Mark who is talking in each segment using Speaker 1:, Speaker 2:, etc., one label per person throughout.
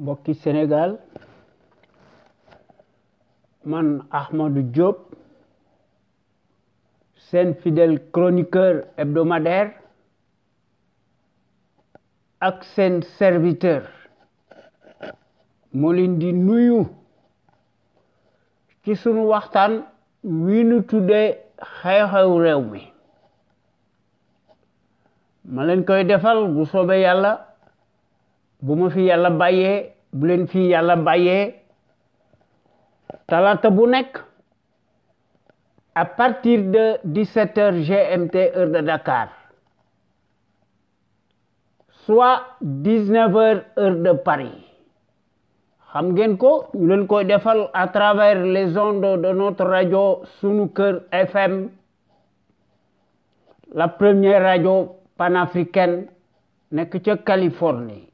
Speaker 1: mbokki Sénégal man Ahmadou Diop seen fidel chroniqueur hebdomadaire ak seen serviteur moo leen di nuyu ci sunu waxtaan wi nu tuddee xew-xew réew mi ma leen koy defal bu soobee yàlla bu ma fi yàlla bàyyee bu leen à partir de 17 h GMT heure de Dakar soit 19 h heure de Paris xam ko à travers les ondes de notre radio sunu FM la première radio panafricaine que de Californie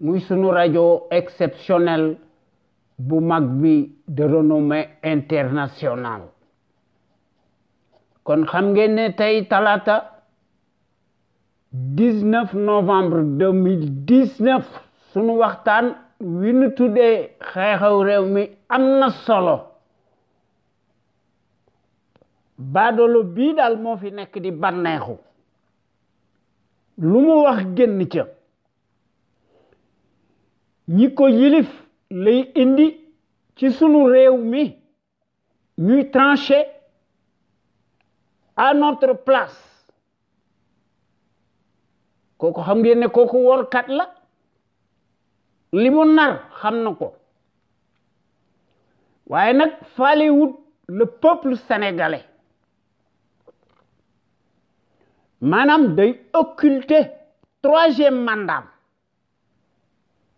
Speaker 1: muy sunu rajo exceptionnel bu mag bi de renommée internationale kon xam ngeen ne tey talata 19 novembre 2019 sunu waxtaan wi nu tuddee xew-xewi réew mi am na solo baadolo bii daal moo fi nekk di bànneexu lu mu wax génn ca Niko yilif lay indi ci sunu réew mi à notre place kooku xam ngeen ne workat la nar le peuple sénégalais Madame day occulter troisième mandat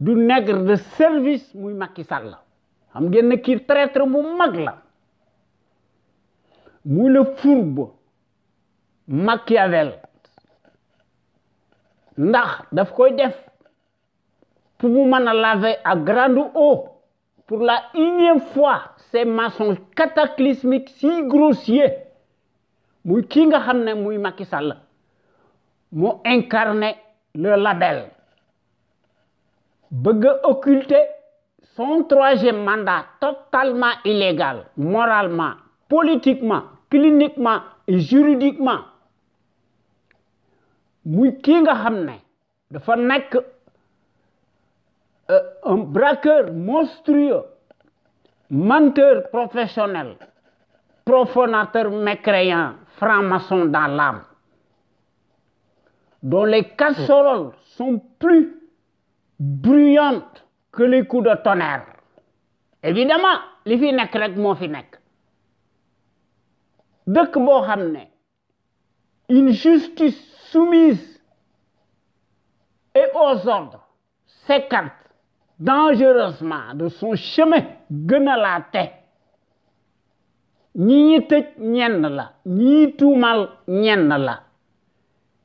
Speaker 1: du nègre de service Moui Macky Sall la xam ne kii traître Moui mag la le fourbe Machiavel ndax daf koy def pour mu mën a laver à grande eau pour la une fois ces mensonges cataclysmiques si grossiers muy kinga nga xam ne muy Macky Sall incarné le label bëgg occulter son troisième mandat totalement illégal moralement politiquement cliniquement et juridiquement Il euh, un braqueur monstrueux menteur professionnel profanateur mécréant franc-maçon dans l'âme dont les casseroles sont plus bruyante que les coups de tonnerre évidemment les filles ne rek pas fi filles. dëkk une justice soumise et aux ordres s'écarte dangereusement de son chemin la a laa ñi ñi tëj ñenn la ñi tuumal ñenn la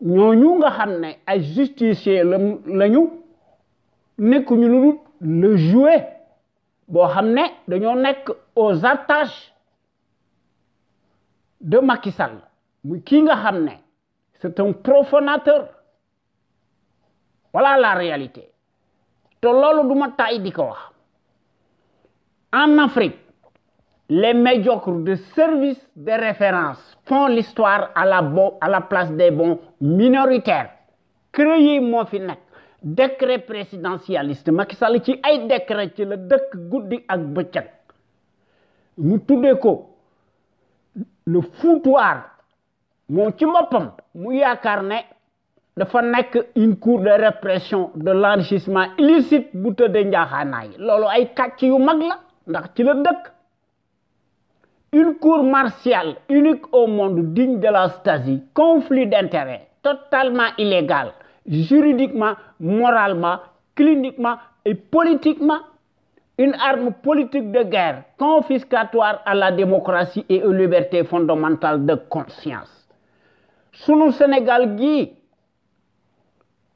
Speaker 1: nous, nga xam ne ay justicier lañu nous lu le jouet Nous hamne, aux attaches de Macky Sall c'est un profanateur voilà la réalité te loolu en Afrique les médiocres de service de référence font l'histoire à la, à la place des bons minoritaires Créez-moi fi décret présidentialiste Macky Sall ci ay décret ci la goudi ak beccak mu ko le foutoir mo ci mopam mu dafa nek une cour de répression de l'enrichissement illicite bu ndiaxanaay lolu ay katch yu mag la ndax ci une cour martiale unique au monde digne de la Stasi conflit d'intérêt, totalement illégal juridiquement, moralement, cliniquement et politiquement. Une arme politique de guerre confiscatoire à la démocratie et aux libertés fondamentales de conscience. Sous Sénégal, Guy,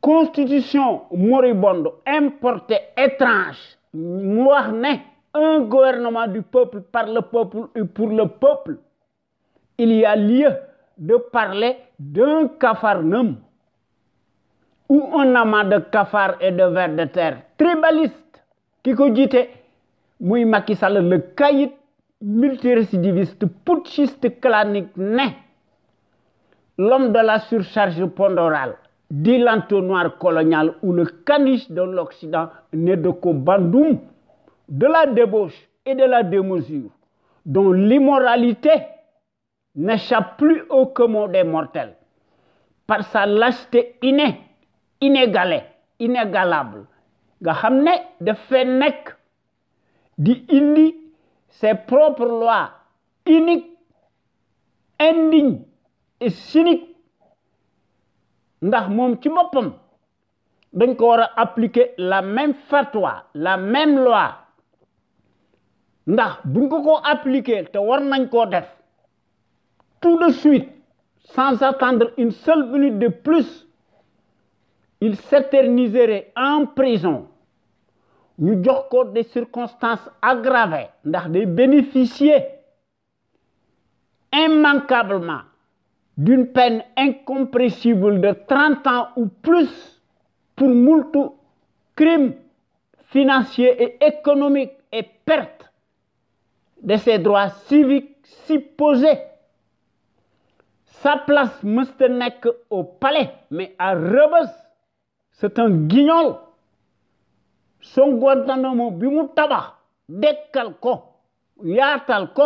Speaker 1: constitution moribonde importée étrange, un gouvernement du peuple par le peuple et pour le peuple, il y a lieu de parler d'un cafarnum ou un amas de cafards et de vers de terre tribaliste qui ko le caïd multirécidiviste putschiste clanique né l'homme de la surcharge pondorale dit l'entonnoir colonial ou le caniche de l'Occident né de Kobandoum, de la débauche et de la démesure, dont l'immoralité n'échappe plus au commun des mortels par sa lâcheté innée inégalé inégalable nga xamné da nek di indi ses propres lois uniques indignes et cyniques ndax mom ci boppam dañ ko wara appliquer la même fatwa la même loi ndax buñ ko ko appliquer te war nañ tout de suite sans attendre une seule minute de plus il s'éterniserait en prison Nous jox des circonstances aggravées ndax des bénéficier immanquablement d'une peine incompressible de 30 ans ou plus pour multu crimes financiers et économiques et perte de ses droits civiques supposés. Sa place ne au palais mais à Rebeuss c'est un guignol son Guantanamo bi mu tabax dekkal ko yaatal ko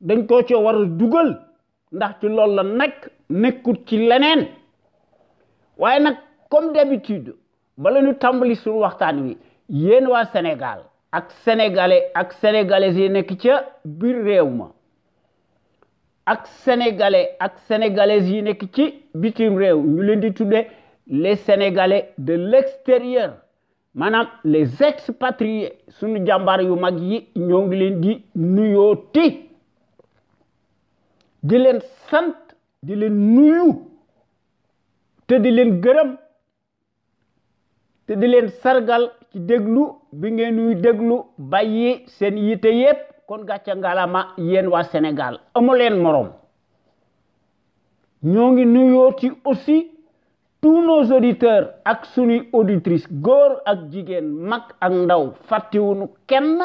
Speaker 1: dañ ko ci war a dugal ndax ci loolu la nekk nekkut ci leneen waaye nag comme d'habitude bala ñu tàmbali suñu waxtaan wi yéen waa Sénégal ak sénégalais ak sénégalais yi nekk ca biir réew ma ak sénégalais ak yi nekk ci bitim réew ñu leen di tuddee les sénégalais de l'extérieur maanaam les expatriés sunu jàmbaar yu mag yi ñoo ngi leen di nuyooti di leen sant di leen nuyu te di leen gërëm te di leen sargal ci déglu bi ngeen nuy déglu bàyyi seen yite yépp kon gàcca ngalama yeen waa Sénégal amu leen moroom nuyooti aussi tous nos auditeurs ak suñu auditrice gor ak jigen mak ak ndaw wuñu kenn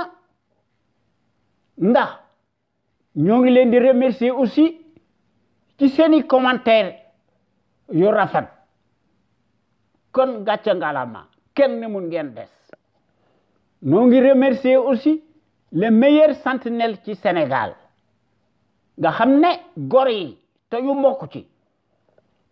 Speaker 1: ndax ñoo ngi leen di remercier aussi ci seeni commentaire yu rafet kon gàcce ngalama kenn mun ngeen des ñoo ngi remercier aussi le meilleur sentinelles ci Sénégal nga xam gor yi te yu mbokk ci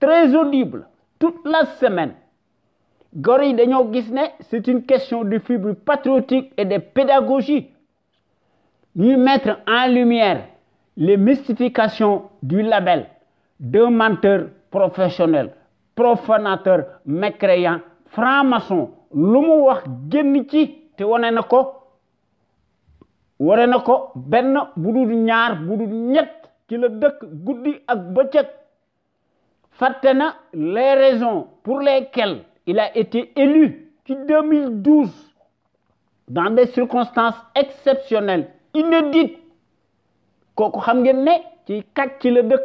Speaker 1: très audible toute la semaine Gorille de c'est une question de fibre patriotique et de pédagogie Nous mettre en lumière les mystifications du label de menteur professionnel profanateur mécréant franc-maçon Fatena les raisons pour lesquelles il a été élu en 2012 dans des circonstances exceptionnelles, inédites. Koko dit ci ak ndax wax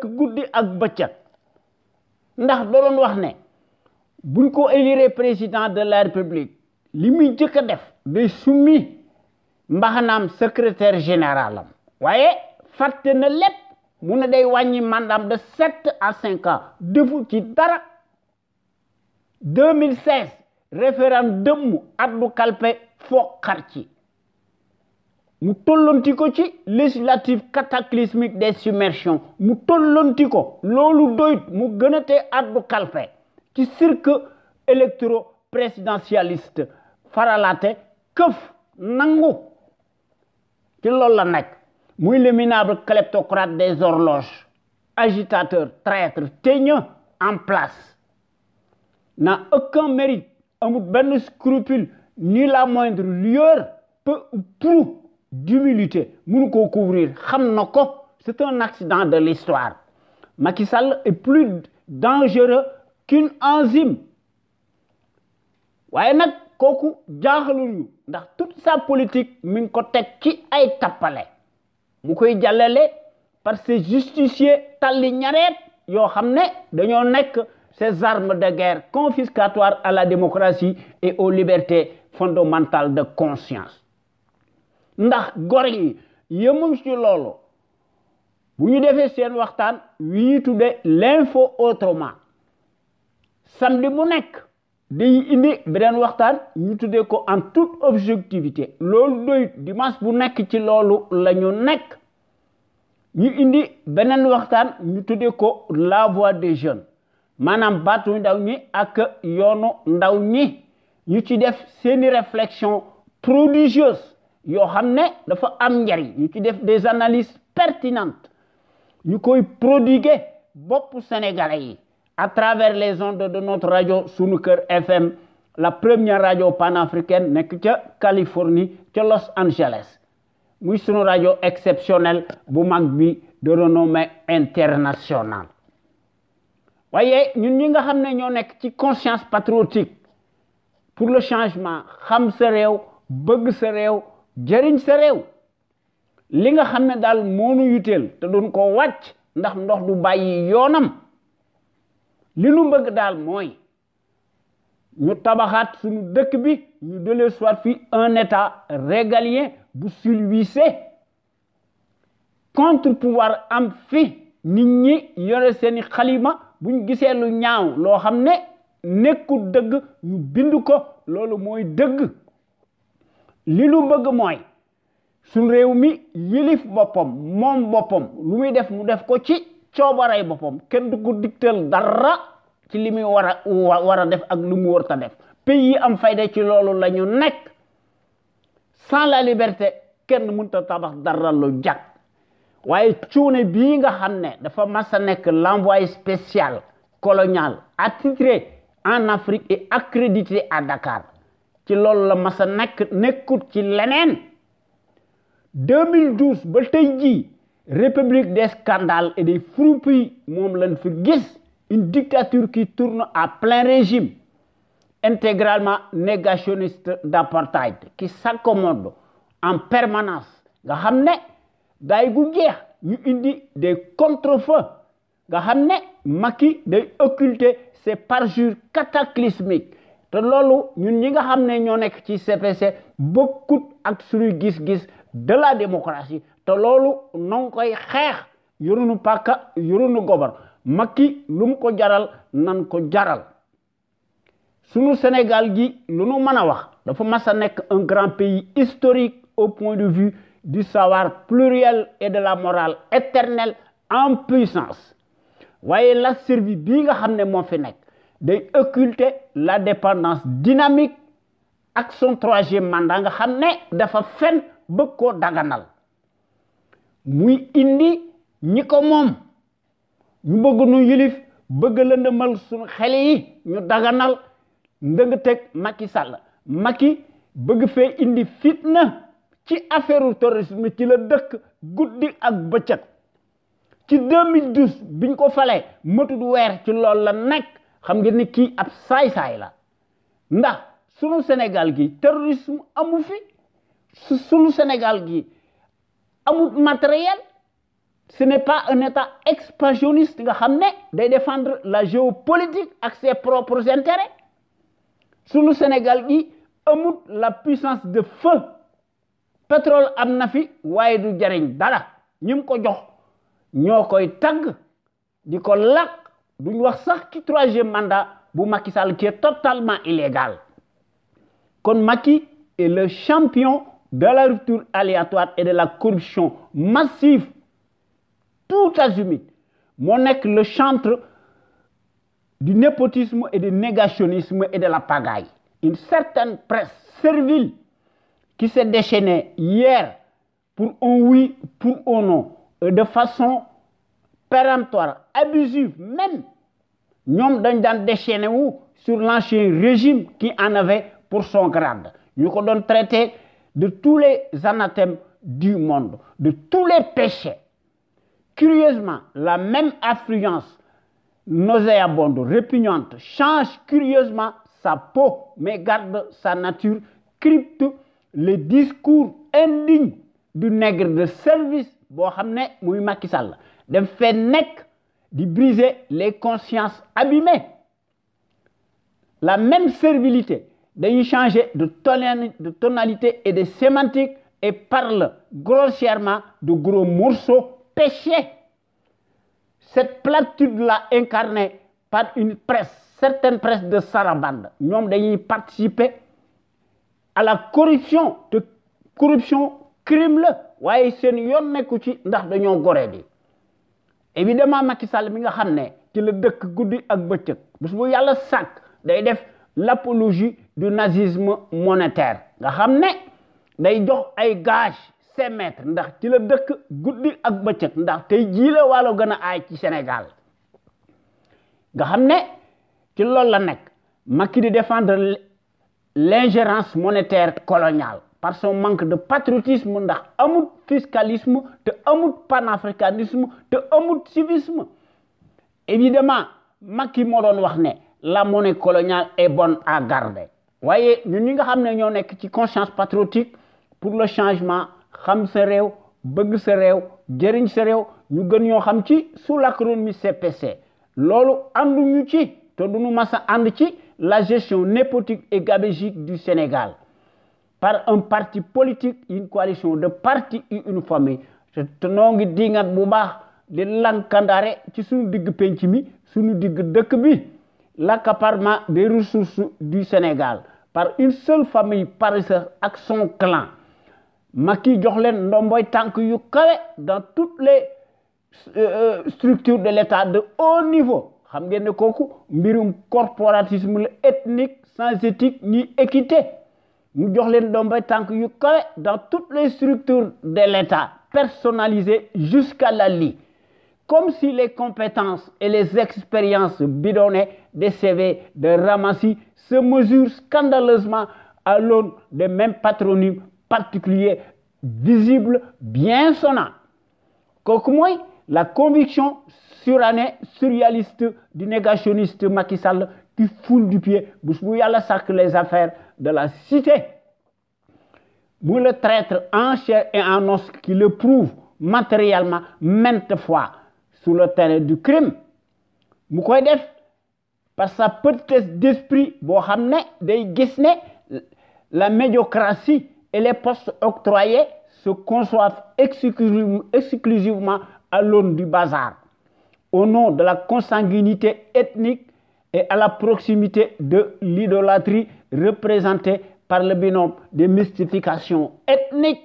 Speaker 1: président de la république secrétaire général am voyez, mu ne day wàññi de 7 à 5 ans vous qui, dara 2016 référendum mu addu kalpe foqar ci mu tollonti ci législative cataclysmique des submersions mu tollonti ko loolu doyut mu gën a tee addu kalpe ci cirque électro présidentialiste faralaate këf nangu ci loolu la nekk les le minable kleptocrate des horloges agitateur traître teigne en place n'a aucun mérite aucun scrupule ni la moindre lueur peu ou prou d'humilité couvrir c'est un accident de l'histoire Macky est plus dangereux qu'une enzyme Waye nak, toute sa politique qui qui ko été mu koy jàllale par ces justiciers talli yo yoo xam ne nek, ces armes de guerre confiscatoires à la démocratie et aux libertés fondamentales de conscience ndax gor yi ci lolo buñu défé defee seen waxtaan wi ñu l'info autrement samedi mu nek dañu indi beneen waxtaan ñu tuddee ko en toute objectivité loolu doy dimanche bu nekk ci loolu lañu ñu nekk ñu indi beneen waxtaan ñu tuddee ko la voix des jeunes maanaam baatu ndaw ñi ak yoonu ndaw ñi ñu ci def seeni réflexion prodigieuse yoo xam ne dafa am njariñ ñu ci def des analyses pertinentes ñu koy prodiguer bopp sénégalais yi à travers les ondes de notre radio sunu FM la première radio panafricaine est à Californie que Los Angeles muy sunu radio exceptionnelle, bu mag de renommée internationale. Voyez, ñun ñi nga xam conscience patriotique pour le changement xam sa réew bëgg sa réew jëriñ sa réew li nga xam ne daal moo yutel te doon ko wàcc ndax ndox du bàyyi yoonam li nu bëgg daal mooy ñu tabaxaat suñu dëkk bi ñu dele soit fi un état régalien bu sulvissé contre pouvoir am fi nit ñi yore seeni xalima bu ñu gisee lu ñaaw loo xam ne nekkul dëgg ñu bind ko loolu mooy dëgg li nu bëgg mooy suñ réew mi yilif boppam moom boppam lu muy def mu def ko ci coobaray boppam kenn du ko digtal dara ci li muy war war a def ak lumu mu war ta def pays yi am fayda ci loolu la ñu nekk sans la liberté kenn mënut a tabax dara lu jag waaye cuune bii nga xam ne dafa mas a nekk l'envoyé spécial colonial attitré en Afrique et accrédité à Dakar ci loolu la mas nekk nekkut ci leneen 2012 ba tey république des scandales et des froupilles une dictature qui tourne à plein régime intégralement négationniste d'apartheid qui s'accommode en permanence Vous savez, il day ñu des contrefeux nga Vous savez, day occulter ces parjures cataclysmiques te c'est ñun ñi nga CPC de la démocratie te loolu non koy xex yorunu pàkka yorunu gobar Macky lu ko jaral nan ko jaral sunu Sénégal gi lunu Sénégal, nous sommes wax dafa massa nek un grand pays historique au point de vue du savoir pluriel et de la morale éternelle en puissance waye la survie bi nga xam mo fi day occulter la dépendance dynamique ak son troisième mandat nga avons dafa bëgg daganal muy indi ñi ko ñu bëgg ñu yilif bëgg lëndëmal suñu xele yi ñu daganal ndëng tek Macky Sall Macky bëgg fe indi fitna ci affaire terrorisme ci la dëkk guddi ak bëccëg ci 2012 biñ ko matu du wër ci lool la nekk xam ngeen ni ki ab say say la ndax suñu Sénégal gi terrorisme amu fi sous le Sénégal gi amul matériel ce n'est pas un état expansionniste nga a ne défendre la géopolitique à ses propres intérêts le Sénégal gi a la puissance de feu pétrole am na fi waaye du jariñ dara ñi mu ko jox ñoo koy tagg di ko làkk duñ troisième mandat bu qui est totalement illégal kon est le champion de la rupture aléatoire et de la corruption massive, tout azimut, mon est le chantre du népotisme et du négationnisme et de la pagaille. Une certaine presse servile qui s'est déchaînée hier pour un oui, pour un non, de façon péremptoire, abusive même. nous avons déchaîné sur l'ancien régime qui en avait pour son grade Nous avons traité de tous les anathèmes du monde, de tous les péchés. Curieusement, la même affluence nauséabonde, répugnante, change curieusement sa peau, mais garde sa nature, crypte le discours indigne du nègre de service Bohamne xam briser les consciences abîmées la même servilité dañuy changer de de tonalité et de sémantique et parle grossièrement de gros morceaux péchés. Cette platitude-là incarnée par une presse, certaines presses de Sarabande, nous avons participé à la corruption, de corruption crime C'est waaye seen yoon nekku ci ndax dañoo goree di évidemment Macky Sall mi nga xam ne ci la dëkk ak bëccëg bés bu yàlla sàkk day def l'apologie du nazisme monétaire nga xamné que day jox ay gage 5 maîtres ndax ci la dëkk guddi ak ndax ci Sénégal nga xamné ci lool la Macky di défendre l'ingérence monétaire coloniale par son manque de patriotisme ndax amut fiscalisme te amut panafricanisme te amut civisme évidemment Macky wax la monnaie coloniale est bonne à garder Voyez, ñun ñi nga xam ne ñoo nekk ci conscience patriotique pour le changement xam sa réew bëgg sa réew jëriñ sa réew ñu gën ñoo xam ci sous l'acronyme CPC loolu ñu ci te duñu mas a ànd ci la gestion népotique et gabégique du Sénégal par un parti politique une coalition de partis et une famille te noo ngi dingat bu baax di lankandaare ci suñu digg penc mi suñu digg dëkk bi l'accaparement des ressources du Sénégal par une seule famille paresseuse avec son clan Macky jox leen ndomboy tànk yu dans toutes les euh, euh, structures de l'État de haut niveau xam Koku dans mbirum corporatisme ethnique sans éthique ni équité mu jox tant ndomboy tànk yu dans toutes les structures de l'État personnalisées jusqu'à la lit comme si les compétences et les expériences bidonnées des CV de Ramassi se mesurent scandaleusement à l'aune des mêmes patronymes particuliers, visibles, bien sonnants. moi, la conviction surannée, surréaliste du négationniste Macky Sall qui foule du pied la sac les affaires de la cité. Vous le traître en chair et en os qui le prouve matériellement maintes fois sur le terrain du crime mu par sa petitesse d'esprit bo xamné la médiocratie et les postes octroyés se conçoivent exclusivement à l'aune du bazar, au nom de la consanguinité ethnique et à la proximité de l'idolâtrie représentée par le binôme des mystifications ethniques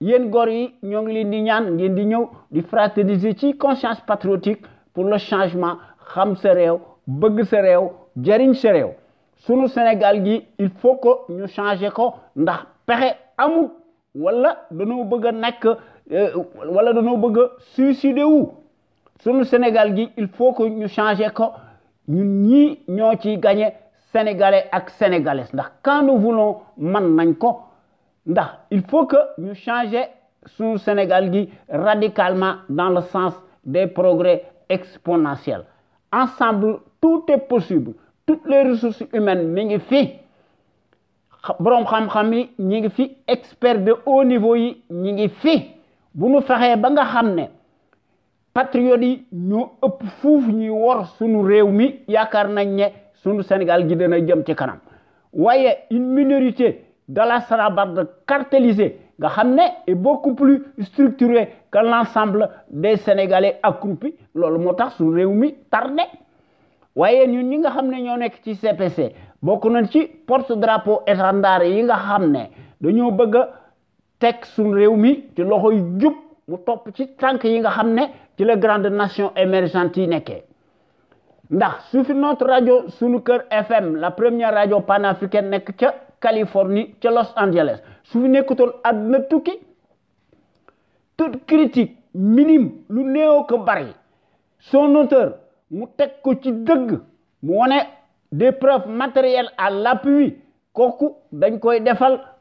Speaker 1: yen góor yi ñoo ngi leen di ñaan ngeen di ñew di fraterniser ci conscience patriotique pour le changement xam sa réew bëgg sa réew jëriñ sa réew sunu Sénégal gi il faut que ñu changer ko ndax pexe amul wala dañoo bëgg a nekk euh, wala dañoo bëgg a suicider wu sunu Sénégal gi il faut que ñu changer ko ñun ñii ñoo ciy gagné sénégalais ak sénégalaises ndax quand nous voulons man nañ ko il faut que nous changions le Sénégal radicalement dans le sens des progrès exponentiels ensemble tout est possible toutes les ressources humaines mi ngi fi experts de haut niveau yi ngi fi bu ba nga patriotes ëpp Sénégal une minorité de la sarabande cartélisée, est beaucoup plus structuré que l'ensemble des Sénégalais accroupis. lolou motax su réumi tardé. Waye ñun ñi nga xamné ñoo nek ci CPC bokku nañ ci porte drapeau étendard yi nga xamné dañoo bëgg tek sun rewmi mi ci loxoy jup mu top ci tank yi nga la grande nation émergente yi notre radio Sunu Cœur FM, la première radio panafricaine nek Californie Los Angeles su vous nekkutoon àdduna tukki toute critique minime lu néo ko son auteur mu teg ko ci deug mu woné des preuves matérielles à l'appui koku dañ koy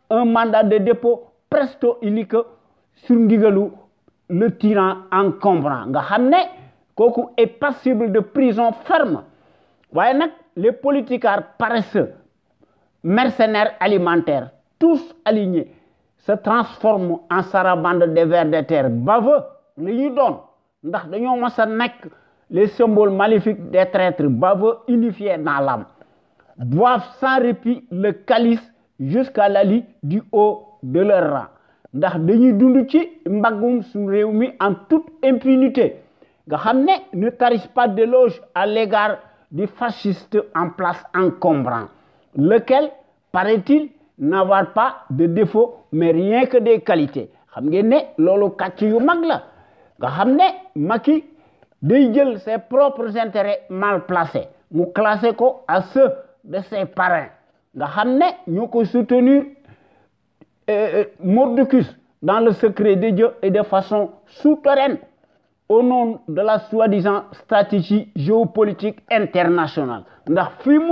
Speaker 1: un mandat de dépôt presto unique sur ndigalu le tyran encombrant nga xamné koku est passible de prison ferme les politiques paresseux mercenaires alimentaires, tous alignés, se transforment en sarabande de vers de terre. Baveux, les donnent. les symboles maléfiques des traîtres, baveux, unifiés dans l'âme, boivent sans répit le calice jusqu'à la du haut de leur rang. ndax dañuy dund ci en toute impunité Nous ne tarissent pas loges à l'égard des fascistes en place encombrant lequel, paraît-il, n'avoir pas de défaut, mais rien que des qualités. Vous savez, ne loolu yu mag la nga xam ses propres intérêts mal placés mu classé ko à ceux de ses parents. nga xam soutenu soutenons euh, euh, dans le secret de Dieu et de façon souterraine au nom de la soi-disant stratégie géopolitique internationale ndax fi mu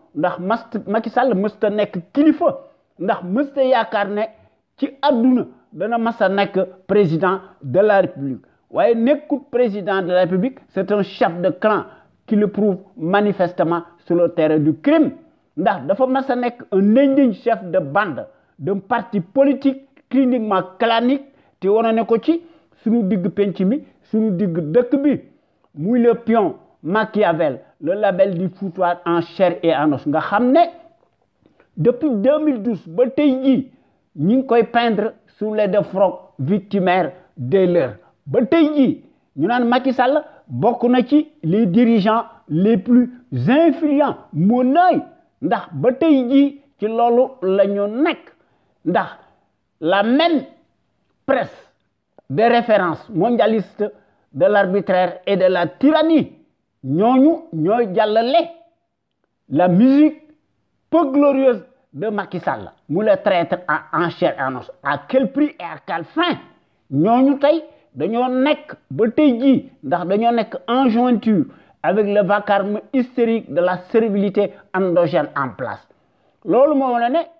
Speaker 1: ndax mas Macky Sall mësta nekk kilifa ndax mësta yaakaar ne ci aduna dana massa nek président de la république waye nekout président de la république c'est un chef de clan qui le prouve manifestement sur le terrain du crime ndax dafa massa nek un indigne chef de bande d'un parti politique cliniquement clanique te wane ko ci suñu digg penc mi suñu digg dëkk bi muy le pion Machiavel le label du foutoir en chair et en os nga depuis 2012 nous avons sur peindre sous les deux fronts victimaires de leur Nous avons les dirigeants les plus influents la la même presse de référence mondialiste de l'arbitraire et de la tyrannie nous avons la musique peu glorieuse de Macky Sall Nous la traité en chair à quel prix et à quelle fin nous avons en jointure avec le vacarme hystérique de la servilité endogène en place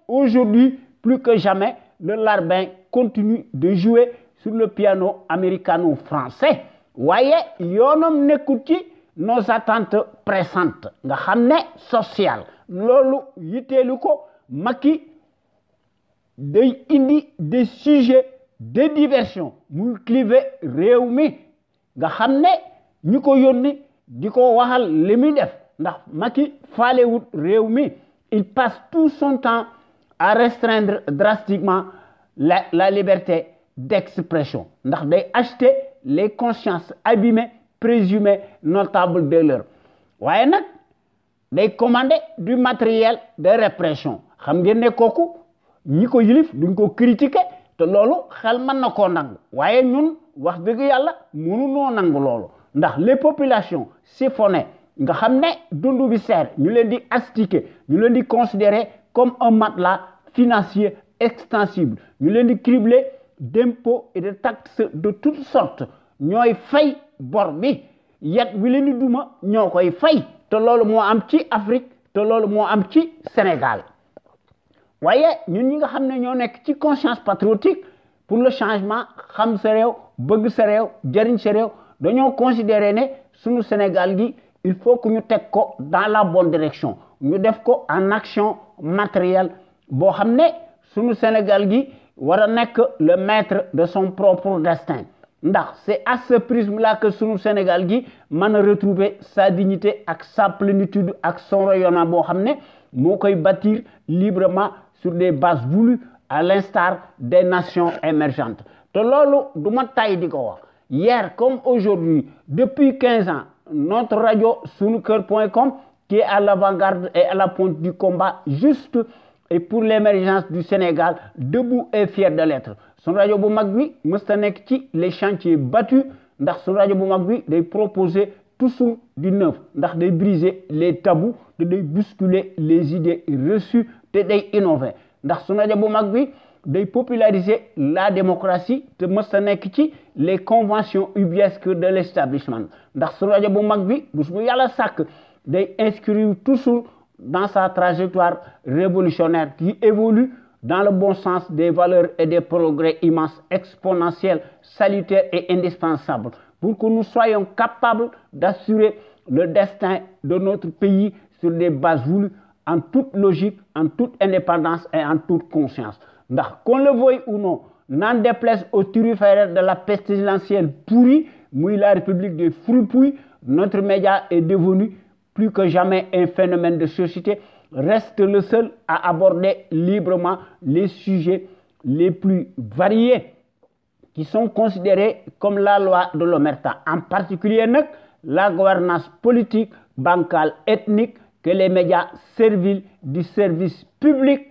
Speaker 1: aujourd'hui plus que jamais le larbin continue de jouer sur le piano américano-français un homme qui écoute nos attentes pressantes nga xamné social sociale yitéluko maki indi des sujets de diversion muy cliver rewmi nga xamné ne ñu diko waxal li def ndax il passe tout son temps à restreindre drastiquement la liberté d'expression ndax acheter les consciences abîmées présumé notable de l'heure voyez, ils day commandé du matériel de répression Vous savez, ne ont ñi ko yilif duñ ko critiquer te loolu xel mën na nous nangu ñun wax dëgg ndax les populations siphonnées nga xam ne dund bi seer ñu leen di astiquer ñu leen di considérer comme un matelas financier extensible ñu leen di cribler d'impôts et de taxes de toutes sortes ñoy fay bor bi yat wi leen duma ñokoy fay te loolu mo am ci Afrique te loolu mo am ci Sénégal waye ñun ñi nga xamne ño nek ci conscience patriotique pour le changement xam sa rew bëgg sa rew jëriñ sa rew dañoo considérer ne suñu Sénégal gi il faut que ñu tek ko dans la bonne direction ñu def ko en action matérielle bo xamne suñu Sénégal gi wara nek le maître de son propre destin c'est à ce prisme là que le Sénégal retrouver sa dignité sa plénitude et son rayonnement pour bâtir librement sur des bases voulues à l'instar des nations émergentes De là tay di hier comme aujourd'hui depuis 15 ans notre radio sunuker.com qui est à l'avant-garde et à la pointe du combat juste et pour l'émergence du Sénégal debout et fier de l'être son radio bu mag bi mësta nekk ci les chantiers battus ndax son radio bu mag bi day proposer toujours du neuf ndax day briser les tabous de day bousculer les idées reçues te day innover ndax son radio bu mag bi populariser la démocratie te mësta ci les conventions ubiesques de l'établissement ndax son radio bu mag bi bu mu yalla sak day inscrire dans sa trajectoire révolutionnaire qui évolue dans le bon sens des valeurs et des progrès immenses, exponentiels, salutaires et indispensables, pour que nous soyons capables d'assurer le destin de notre pays sur des bases voulues en toute logique, en toute indépendance et en toute conscience. Qu'on le voie ou non, n'en déplaise aux turiféraires de la pestilentielle pourrie, mouille la République des fruits notre média est devenu plus que jamais un phénomène de société reste le seul à aborder librement les sujets les plus variés qui sont considérés comme la loi de l'Omerta, en particulier la gouvernance politique, bancale, ethnique, que les médias servent du service public,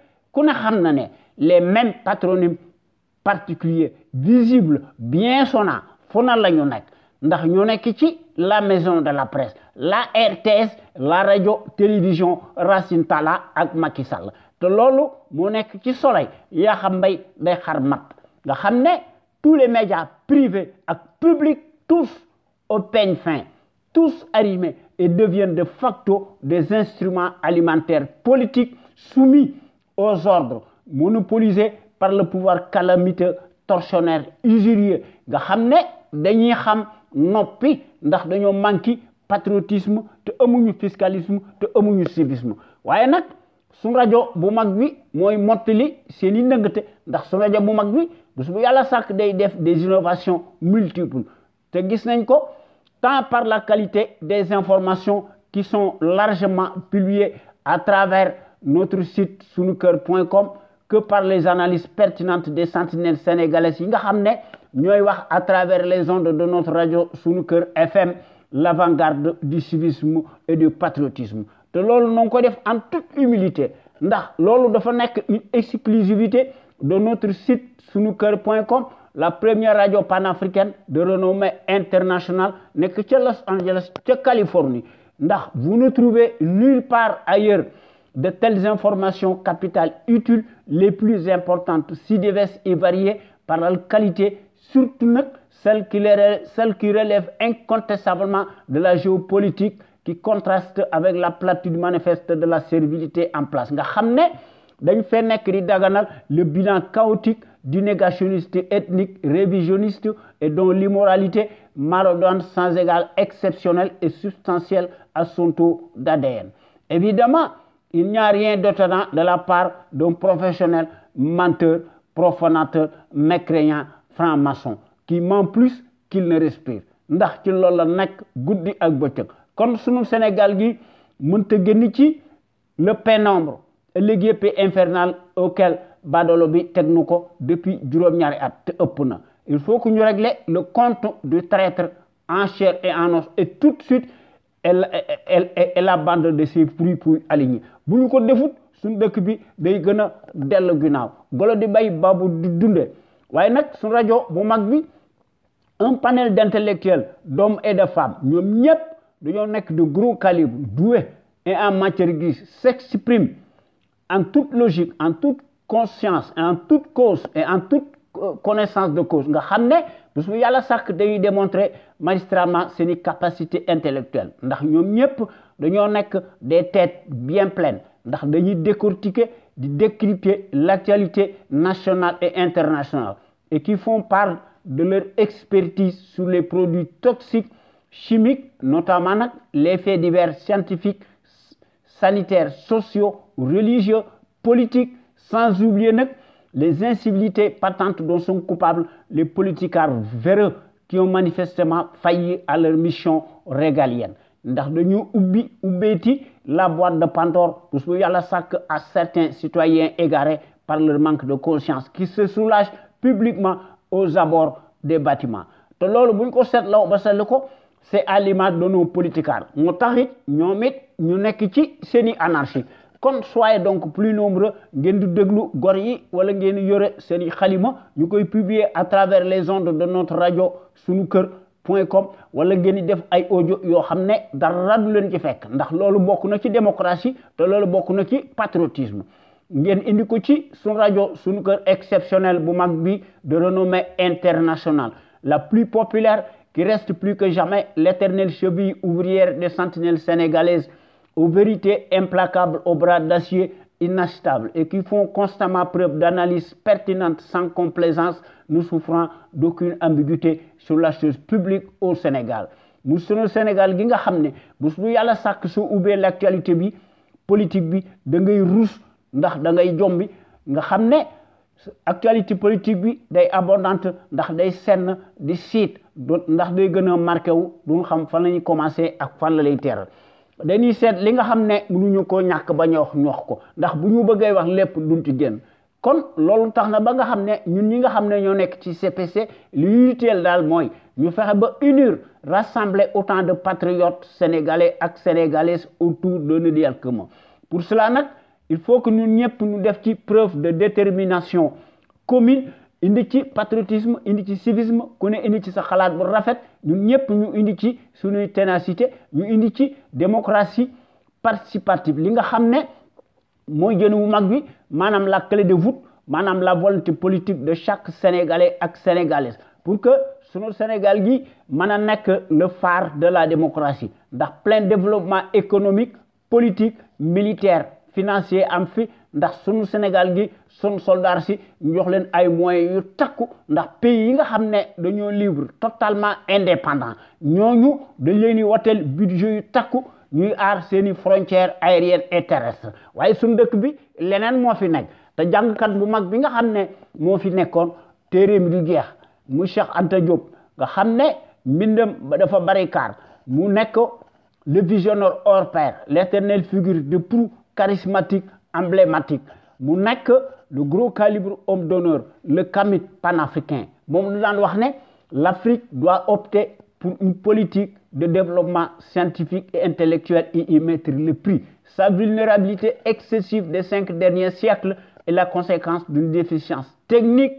Speaker 1: les mêmes patronymes particuliers, visibles, bien sonnants, nous la maison de la presse la RTS la radio, télévision Racine Tala et Macky Sall te soleil tous les médias privés et publics tous au peine fin tous arrimés et deviennent de facto des instruments alimentaires politiques soumis aux ordres monopolisés par le pouvoir calamiteux torsionnaire, usurier nga des dañuy xam noppi ndax dañoo manqué patriotisme te amuñu fiscalisme te amuñu civisme waaye nag sun rajo bu mag bi mooy mottali seen i ndëngte ndax sun rajo bu mag bi bu su yàlla sàkk day def des innovations multiples te gis nañ ko tant par la qualité des informations qui sont largement publiées à travers notre site sunuker.com que par les analyses pertinentes des sentinelles sénégalaises yi nga xam ne nous wax à travers les ondes de notre radio suñu FM l'avant-garde du civisme et du patriotisme De en toute humilité ndax loolu dafa une exclusivité de notre site sunuker.com la première radio panafricaine de renommée internationale que chez Los Angeles chez Californie vous ne trouvez nulle part ailleurs de telles informations capitales utiles les plus importantes si diverses et variées par la qualité surtout celle qui celle qui relève incontestablement de la géopolitique qui contraste avec la platitude manifeste de la servilité en place nga xamné dañ fait di daganal le bilan chaotique du négationnisme ethnique révisionniste et dont l'immoralité maraudante sans égal exceptionnelle et substantielle à son taux d'ADN. Évidemment, il n'y a rien d'étonnant de la part d'un professionnel menteur, profanateur, mécréant, franc-maçon qui ment plus qu'il ne respire ndax ci loolu la nekk guddi ak bëccëg kon sunu Sénégal gi mënta génn ci le pénombre le infernal auquel badolo bi teg nu ko depuis juróom-ñaari at te ëpp na il faut que ñu régler le compte du traître en chair et en os et tout de suite elle elle elle la bande de ses pouilles-pouilles aligné bu ñu ko defut suñu dëkk bi day gën a dellu ginnaaw golo di bay babu du dunde waaye nag su rajo bu mag un panel d'intellectuels d'hommes et de femmes ñoom ñëpp dañoo nekk de gros calibre doués et en matière grise s'expriment en toute logique en toute conscience en toute cause et en toute euh, connaissance de cause nga xam ne bés bu yàlla sàkk dañuy démontrer magistralement ses capacités intellectuelles. ndax ñoom ñëpp dañoo nekk des têtes bien pleines ndax dañuy décortiquer de décrypter l'actualité nationale et internationale et qui font part de leur expertise sur les produits toxiques chimiques, notamment les faits divers scientifiques, sanitaires, sociaux, religieux, politiques, sans oublier les incivilités patentes dont sont coupables les politiciens véreux qui ont manifestement failli à leur mission régalienne. ndax oublié la boîte de Pantor, nous y que la sac à certains citoyens égarés par leur manque de conscience qui se soulagent publiquement aux abords des bâtiments. te c'est à de nos politiques. Nous sommes it ñoom nous ñu anarchie soyez donc plus nombreux vous di gor yi wala yore publier à travers les ondes de notre radio nos cœurs, point com wala ngeen di def ay audio yoo xam ne dara du leen ci fekk ndax loolu bokk na ci démocratie te loolu bokk na ci patriotisme ngeen indi ko ci suñu rajo suñu kër exceptionnel bu mag bi de renommée internationale la plus populaire qui reste plus que jamais l'éternelle cheville ouvrière des sentinelles sénégalaises aux vérités implacables aux bras d'acier inachetables et qui font constamment preuve d'analyse pertinente sans complaisance, ne souffrant d'aucune ambiguïté sur la chose publique au Sénégal mu sunu Sénégal gi nga xam ne bu suñu yàlla sàkk soo ubbee l'actualité bi politique bi da ngay ruus ndax da ngay jombi nga xam ne actualité politique bi day abondante ndax day senn di siit ndax day gën a marqué wu duñ xam fan la ñuy commencé ak fan la lay teeral dañuy seet li nga xam ne mënuñu ko ñàkk ba ñoox ñoox ko ndax bu ñu bëggee wax lépp duñ ci génn kon lolou taxna ba nga xamne ñun ñi nga xamne ne ñoo nekk ci CPC li ñu teel daal ñu fexe ba heure rassembler autant de patriotes sénégalais ak sénégalaises autour de idéal commun pour cela nak il faut que ñun ñepp ñu def ci preuve de détermination commune indi ci patriotisme indi ci civisme ku ne indi ci sa xalaat bu rafet ñun ñepp ñu indi ci suñu ténacité ñu indi ci démocratie participative li nga xamne ne moy jeune wu mag la clé de voûte manam la volonté politique de chaque sénégalais et sénégalaise pour que sunu Sénégal gi le phare de la démocratie ndax plein développement économique politique militaire financier am fi ndax sunu Sénégal gi sun soldat si ñu jox leen ay moyens yu takku ndax pays yi nga libre totalement indépendant ñooñu dañ leen di woteel budget yu takku. Nous aar des frontière aérienne et terrestre waaye suñ dëkk bi leneen moo fi nekk te jàngkat bu mag bi ne fi mu Anta nga le visionnaire hors pair figure de proue charismatique emblématique mu nekk le gros calibre homme d'honneur le Camit panafricain moom lu l'Afrique doit opter pour une politique de développement scientifique et intellectuel et y mettre le prix. Sa vulnérabilité excessive des cinq derniers siècles est la conséquence d'une déficience technique.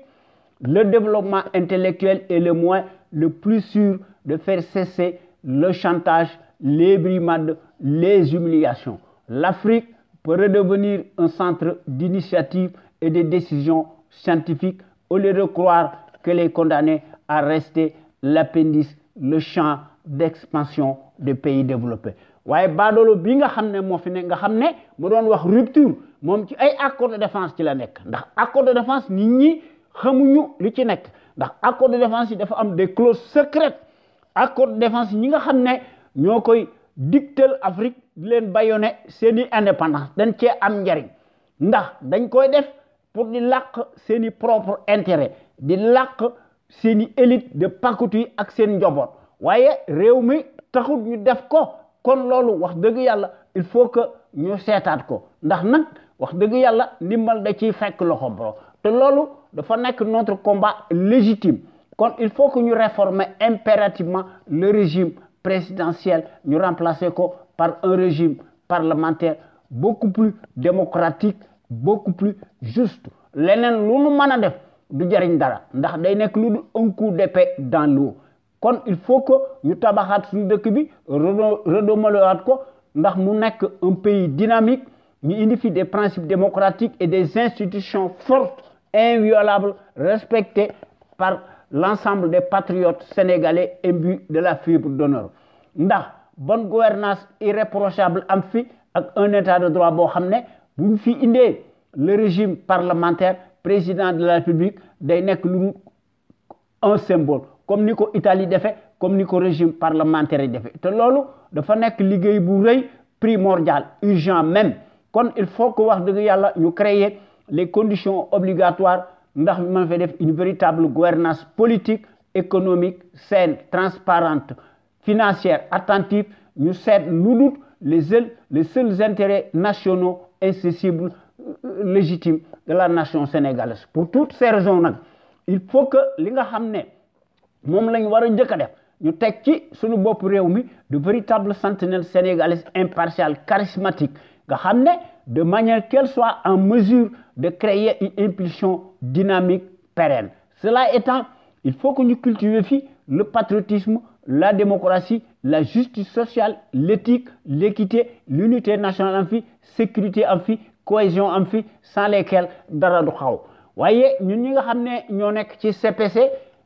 Speaker 1: Le développement intellectuel est le moins le plus sûr de faire cesser le chantage, les brimades, les humiliations. L'Afrique peut redevenir un centre d'initiative et de décisions scientifiques au lieu de croire qu'elle est condamnée à rester l'appendice le champ d'expansion des pays développés Waye badolo bi nga xamné mo fi nek nga xamné mu doon wax rupture mom ci ay accord de défense ci la nek ndax accord de défense nit ñi xamuñu li ci nek ndax accord de défense dafa am des clauses secrètes accord de défense ñi nga xamné ne koy dictel Afrique di len bayoné seeni indépendance dañ ci am njariñ ndax dañ koy def pour di làq seeni propre intérêt di làq c'est une élite de pakatu yi ak seen njaboot waaye réew mi taxul ñu def ko kon loolu wax dëgg yàlla il faut que ñu seetaat ko ndax nag wax dëgg yàlla ndimbal da ciy fekk loxo borom te loolu dafa notre combat légitime kon il faut que nous réformions impérativement le régime présidentiel Nous remplacer ko par un régime parlementaire beaucoup plus démocratique beaucoup plus juste leneen lu nu mën def du jariñ dara un coup d'épée dans l'eau il faut que ñu tabaxaat suñu dëkk bi ko un pays dynamique ñu indi des principes démocratiques et des institutions fortes inviolables respectées par l'ensemble des patriotes sénégalais imbus de la fibre d'honneur ndax bonne gouvernance irréprochable am un état de droit boo xam ne le régime parlementaire président de la république day un symbole comme l'Italie l'a fait, comme le régime parlementaire l'a fait. C'est ce dafa nekk bu primordial urgent même il faut que créer les conditions obligatoires pour une véritable gouvernance politique économique saine transparente financière attentive nous servons les seuls intérêts nationaux incessibles euh, euh, légitimes de la nation sénégalaise pour toutes ces raisons il faut que les nga la def de véritables sentinelles sénégalaises impartiales, charismatiques, de manière qu'elle soit en mesure de créer une impulsion dynamique pérenne cela étant il faut que nous cultivions le patriotisme la démocratie la justice sociale l'éthique l'équité l'unité nationale en vie, sécurité en vie, cohésion amphi sans lesquelles dara du xaw pas ñun ñi nga xamné ño nek ci CPC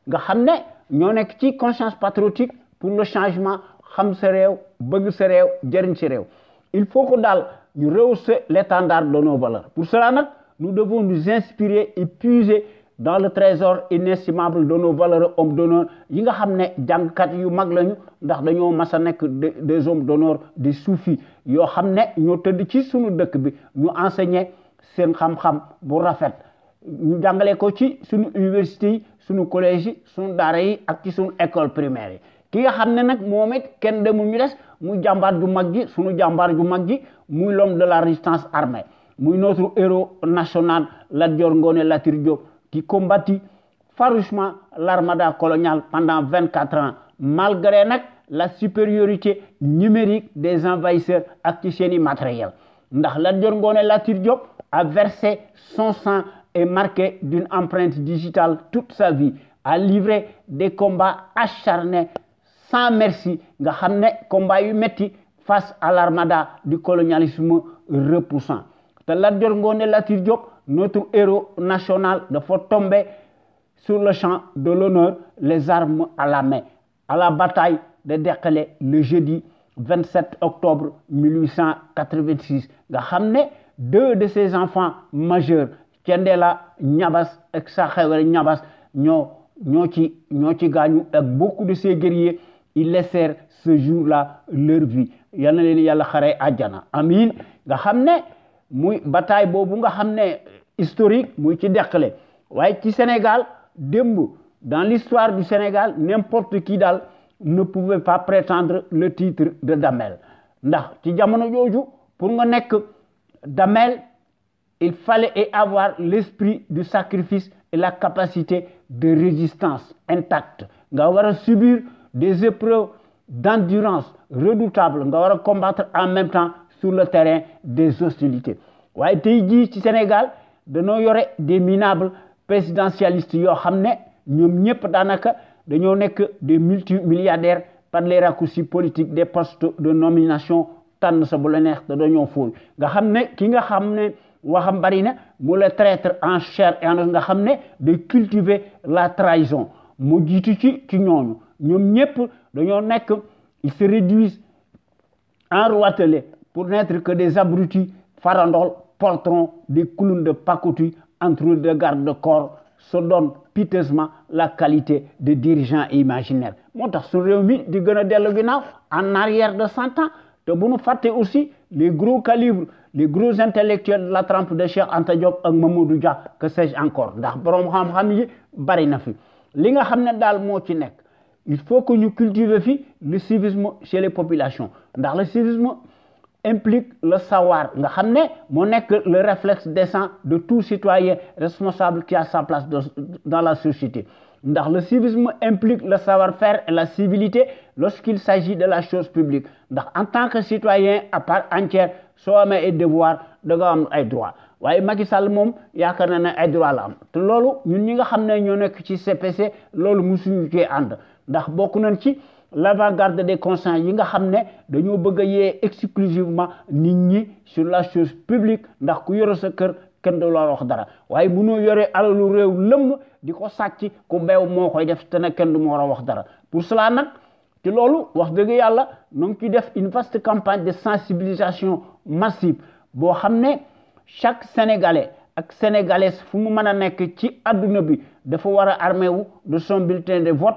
Speaker 1: nga xamné une nek ci conscience patriotique pour le changement xam sa réew bëgg sa rew jërëñ ci rew il faut que nous ñu rehausser l'étendard de nos valeurs pour cela nous devons nous inspirer et puiser dans le trésor inestimable de nos valeureux hommes d'honneur yi nga xamné jangkat yu mag lañu ndax dañoo massa nek des hommes d'honneur des soufis yo xamné ñu teud ci suñu dëkk bi ñu enseigner seen xam-xam bu rafet ñu jangalé ko ci suñu université suñu collège suñu daara yi ak ci suñu école primaire ki nga xamné nak nag moom it kenn demul ñu dess muy jàmbaar ju mag ji sunu jàmbaar ju mag ji muy l'homme de la résistance armée muy notre héros national Lat Dior Ngoné Latyr Diop qui combattit farouchement l'armada coloniale pendant 24 ans, malgré la supériorité numérique des envahisseurs actifs et matériels. La ndax la a versé son sang et marqué d'une empreinte digitale toute sa vie a livré des combats acharnés sans merci nga combat face à l'armada du colonialisme repoussant La la notre héros national faut tomber sur le champ de l'honneur les armes à la main à la bataille de Dekele, le jeudi 27 octobre 1886 deux de ses enfants majeurs Tiendela Nyabas, et Nyabas, beaucoup de ses guerriers ils laissèrent ce jour-là leur vie Yalla Amin muy bataille nga historique muy ci Sénégal dans l'histoire du Sénégal n'importe qui ne pouvait pas prétendre le titre de damel ndax pour nga damel il fallait avoir l'esprit du sacrifice et la capacité de résistance intacte nga wara subir des épreuves d'endurance redoutables nga combattre en même temps sur le terrain des hostilités Ouais, tu dis, ci Sénégal y aurait des minables présidentialistes yoo xam ne ñoom ñëpp daanaka dañoo nekk des multimilliardaires par les raccourcis politiques des postes de nomination tànn sa bu de neex te Ga fooy nga xam ne ki nga xam waxam bari na mu la traître en chair et en os nga xam ne cultiver la trahison mu jiitu ci ci ñooñu ñoom ñëpp dañoo nekk ils se réduisent en roitelets pour n'être que des abrutis, farandoles, poltrons, des coulons de pacotille, entre de corps se donnent piteusement la qualité de dirigeants imaginaires. Montre tax su di en arrière de 100 ans De bu nu aussi les gros calibres les gros intellectuels de la trempe de Cheikh Anta Diop ak que sais-je encore ndax borom xam-xam yi bari na fi li nga il faut que nous cultivions le civisme chez les populations Dans le civisme implique le savoir nga xam mo nek le réflexe décent de tout citoyen responsable qui a sa place dans la société ndax le civisme implique le savoir-faire et la civilité lorsqu'il s'agit de la chose publique ndax en tant que citoyen à part entière soo amee et devoir de nga am ay droit Waye Macky Sall moom yaakaar na ay droit la am te loolu ñun ñi nga xam ne ñoo nekk ci CPC lolu musuñu cee and. ndax bokku nañ ci l'avant-garde des consciences yi nga xamné ne dañoo bëgg yé exclusivement nit ñi sur la chose publique ndax ku yoro sa kër kenn do la wax dara waye mëno yoré alalu réew lëmm diko sacc sàcc ku beew mo koy def té na kenn du mo wax dara pour cela nak ci lolu wax dëgg yalla ñu ngi def une vaste campagne de sensibilisation massive bo xamné chaque sénégalais ak sénégalaise fu mu mëna nekk ci àdduna bi dafa wara armé wu de son bulletin de vote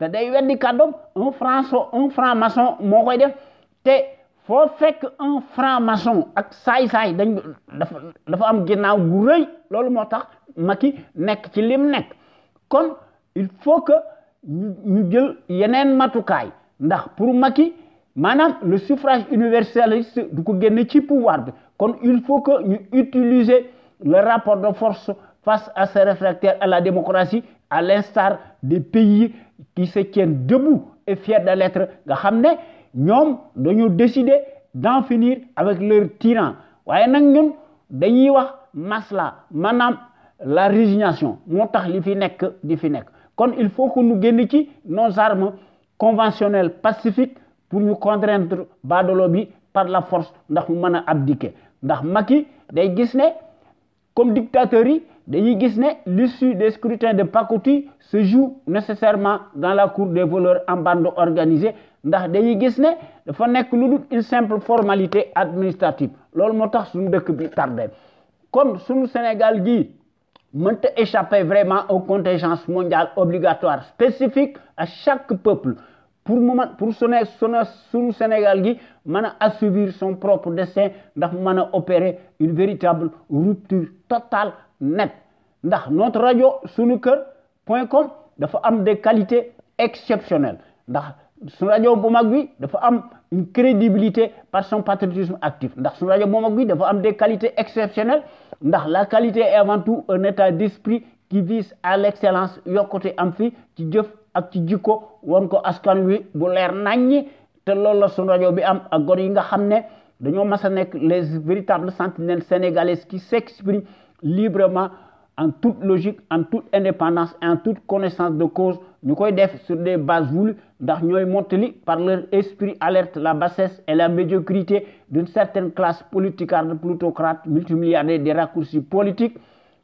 Speaker 1: da day weddi kaddom un franc un franc maçon moo koy def té fo fekk un franc maçon ak saay-saay dañ dafa dafa am ginnaaw gu reuy lolou motax maki nek ci lim nek kon il faut que ñu jël yenen matukay ndax pour maki manam le suffrage universaliste du ko ci pouvoir bi kon il faut que ñu utiliser le rapport de force face à ces réfractaires à la démocratie à l'instar des pays qui se tiennent debout et fiers de l'être nous ont décidé d'en finir avec leur tyran ñun masla la résignation nous il faut que nous gagnions nos armes conventionnelles pacifiques pour nous contraindre par la force ndax que comme dictateur de l'issue des scrutins de Pakouti se joue nécessairement dans la cour des voleurs en bande organisée ndax dañuy gis une simple formalité administrative Comme le tardé Sénégal gii échappé échapper vraiment aux contingences mondiales obligatoires spécifiques à chaque peuple pour le moment pour le Sénégal il a son propre destin il opérer une véritable rupture total net ndax notre radio sunuker.com dafa am des qualités exceptionnelles ndax sun radio bu mag bi dafa am une crédibilité par son patriotisme actif ndax sun radio bu mag bi dafa am des qualités exceptionnelles ndax la qualité est avant tout un état d'esprit qui vise à l'excellence yokkute am fi ci jëf ak ci jikko won ko askan wi bu leer nañi te loolu la sunu bi am ak gor yi nga xam ne dañoo mas a nekk les véritables sentinelles sénégalaises qui s'expriment librement en toute logique en toute indépendance et en toute connaissance de cause nous sommes sur des bases voulues ndax ñooy monteli par leur esprit alerte la bassesse et la médiocrité d'une certaine classe politique politicarde plutocrate multimilliardaire des raccourcis politiques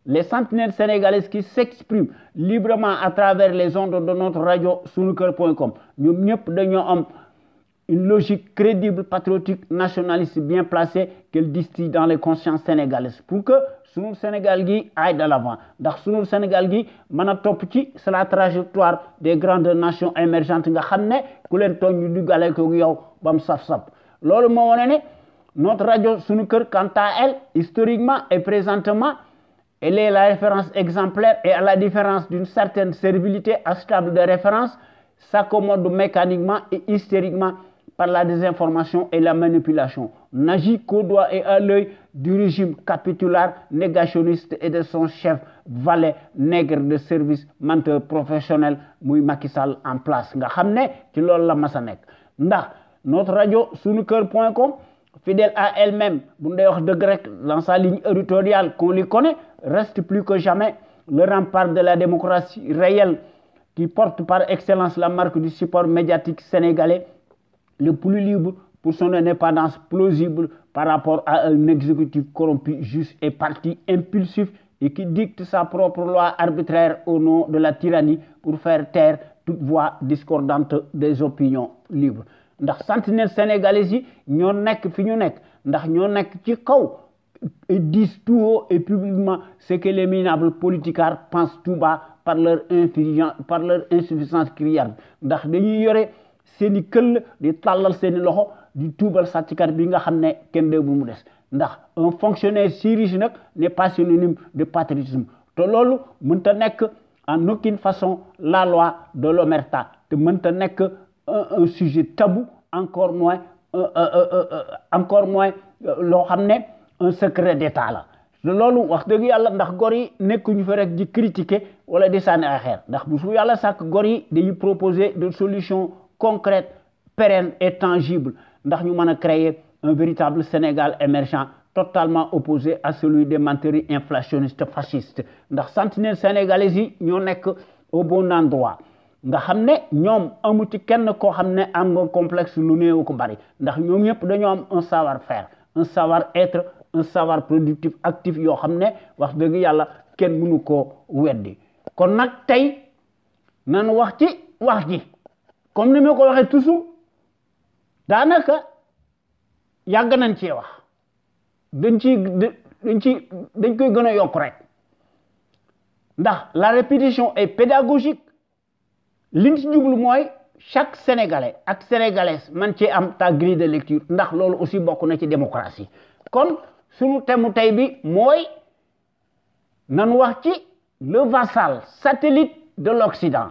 Speaker 1: les centenaires sénégalais qui s'expriment librement à travers les ondes de notre radio Nous sommes tous les hommes une logique crédible, patriotique, nationaliste bien placée qu'elle distille dans les consciences sénégalaises pour que sunu Sénégal aille de l'avant ndax sunu Sénégal c'est la trajectoire des grandes nations émergentes nga ku notre radio sunu quant à elle historiquement et présentement elle est la référence exemplaire et à la différence d'une certaine servilité à ce de référence s'accommode mécaniquement et hystériquement par la désinformation et la manipulation, n'agit qu'au doigt et à l'œil du régime capitulaire négationniste et de son chef valet nègre de service menteur professionnel muy Makissal, en place nga xam la masanek. Nda notre radio sunuker.com fidèle à elle-même bu de wax dans sa ligne éditoriale qu'on lui connaît reste plus que jamais le rempart de la démocratie réelle qui porte par excellence la marque du support médiatique sénégalais le plus libre pour son indépendance plausible par rapport à un exécutif corrompu, juste et parti impulsif et qui dicte sa propre loi arbitraire au nom de la tyrannie pour faire taire toute voix discordante des opinions libres ndax sentinelle sénégalais yi ñoo fi ndax ci disent tout haut et publiquement ce que les minables politicards pensent tout bas par leur insuffisance criarde ndax dañuy seen i këll di tàllal seen loxo di tuubal sàcckat bi nga xam ne kenn dee bu mu des ndax un fonctionnaire si riche nag n'est pas synonyme de patriotisme te loolu mënta nekk en aucune façon la loi de l'omerta te mënta nekk un sujet tabou encore moins encore moins euh, loo xam ne un secret d'état la loolu wax dëgg yàlla ndax gor yi nekkuñu fa rek di critiquer wala di sànni ay xeer ndax bu su yàlla sàkk gor yi dañuy proposer des solutions concrète pérenne et tangible Nous avons créé créer un véritable Sénégal émergent totalement opposé à celui des menteries inflationnistes fascistes Nous sentinelle sénégalais au bon endroit Nous avons, un amu ci kenn complexe de avons ndax un savoir faire un savoir être un savoir productif actif yoo à un wax faire yàlla kenn mënu koo weddi kon comme nous ma toujours wax ci la répétition est pédagogique chaque sénégalais ak sénégalaise man ta grille de lecture ndax aussi démocratie kon sunu bi nan wax ci le vassal satellite de l'Occident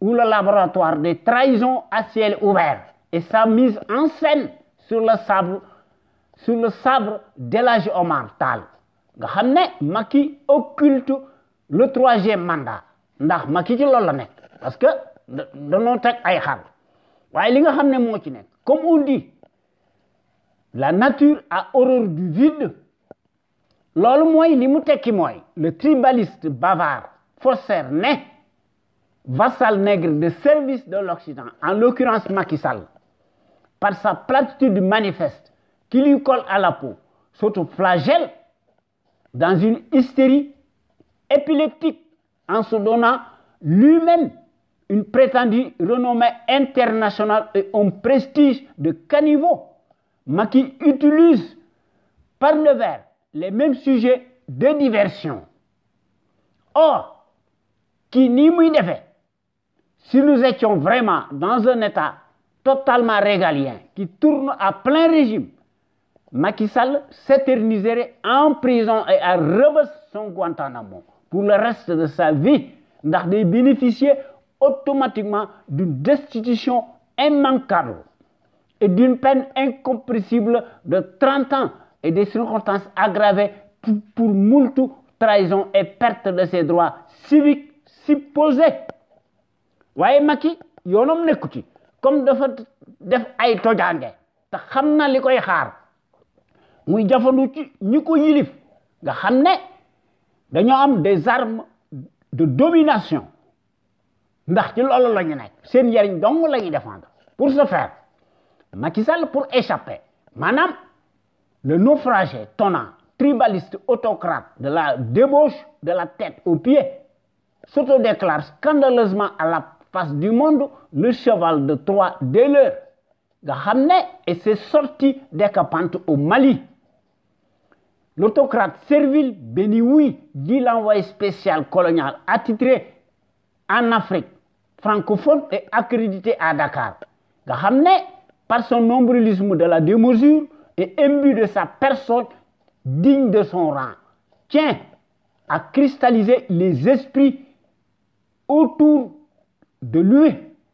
Speaker 1: ou le laboratoire des trahisons à ciel ouvert et sa mise en scène sur le sabre sur le sabre d'Elhadji Omar Tal. nga xam occulte le troisième mandat ndax Maki ci loolu la parce que danoo teg ay xar waaye li nga xam comme on dit la nature a horreur du vide loolu qui est le tribaliste bavard faussaire n'est vassal nègre de service de l'Occident, en l'occurrence Macky Sall, par sa platitude manifeste qui lui colle à la peau, s'auto-flagelle dans une hystérie épileptique en se donnant lui-même une prétendue renommée internationale et un prestige de caniveau, mais qui utilise par le verre les mêmes sujets de diversion. Or, qui n'y mouille fait si nous étions vraiment dans un État totalement régalien qui tourne à plein régime, Macky Sall s'éterniserait en prison et à Rebus son Guantanamo pour le reste de sa vie, dans des bénéficier automatiquement d'une destitution immanquable et d'une peine incompressible de 30 ans et des circonstances aggravées pour, pour trahison et perte de ses droits civiques supposés waye Maki, yonom nekuti comme dafa def ay te xamna likoy xaar muy jafandu ci yilif des armes de domination ndax la dong la pour ce faire Makisal pour échapper madame, le naufragé tonnant tribaliste autocrate de la débauche de la tête aux pieds s'autodéclare scandaleusement à la face du monde le cheval de Troie de l'heure et c'est sorti capantes au Mali l'autocrate servile Béni Oui dit l'envoyé spécial colonial attitré en Afrique francophone et accrédité à Dakar Gahamne, par son nombrilisme de la démesure et imbu de sa personne digne de son rang tient à cristalliser les esprits autour de lui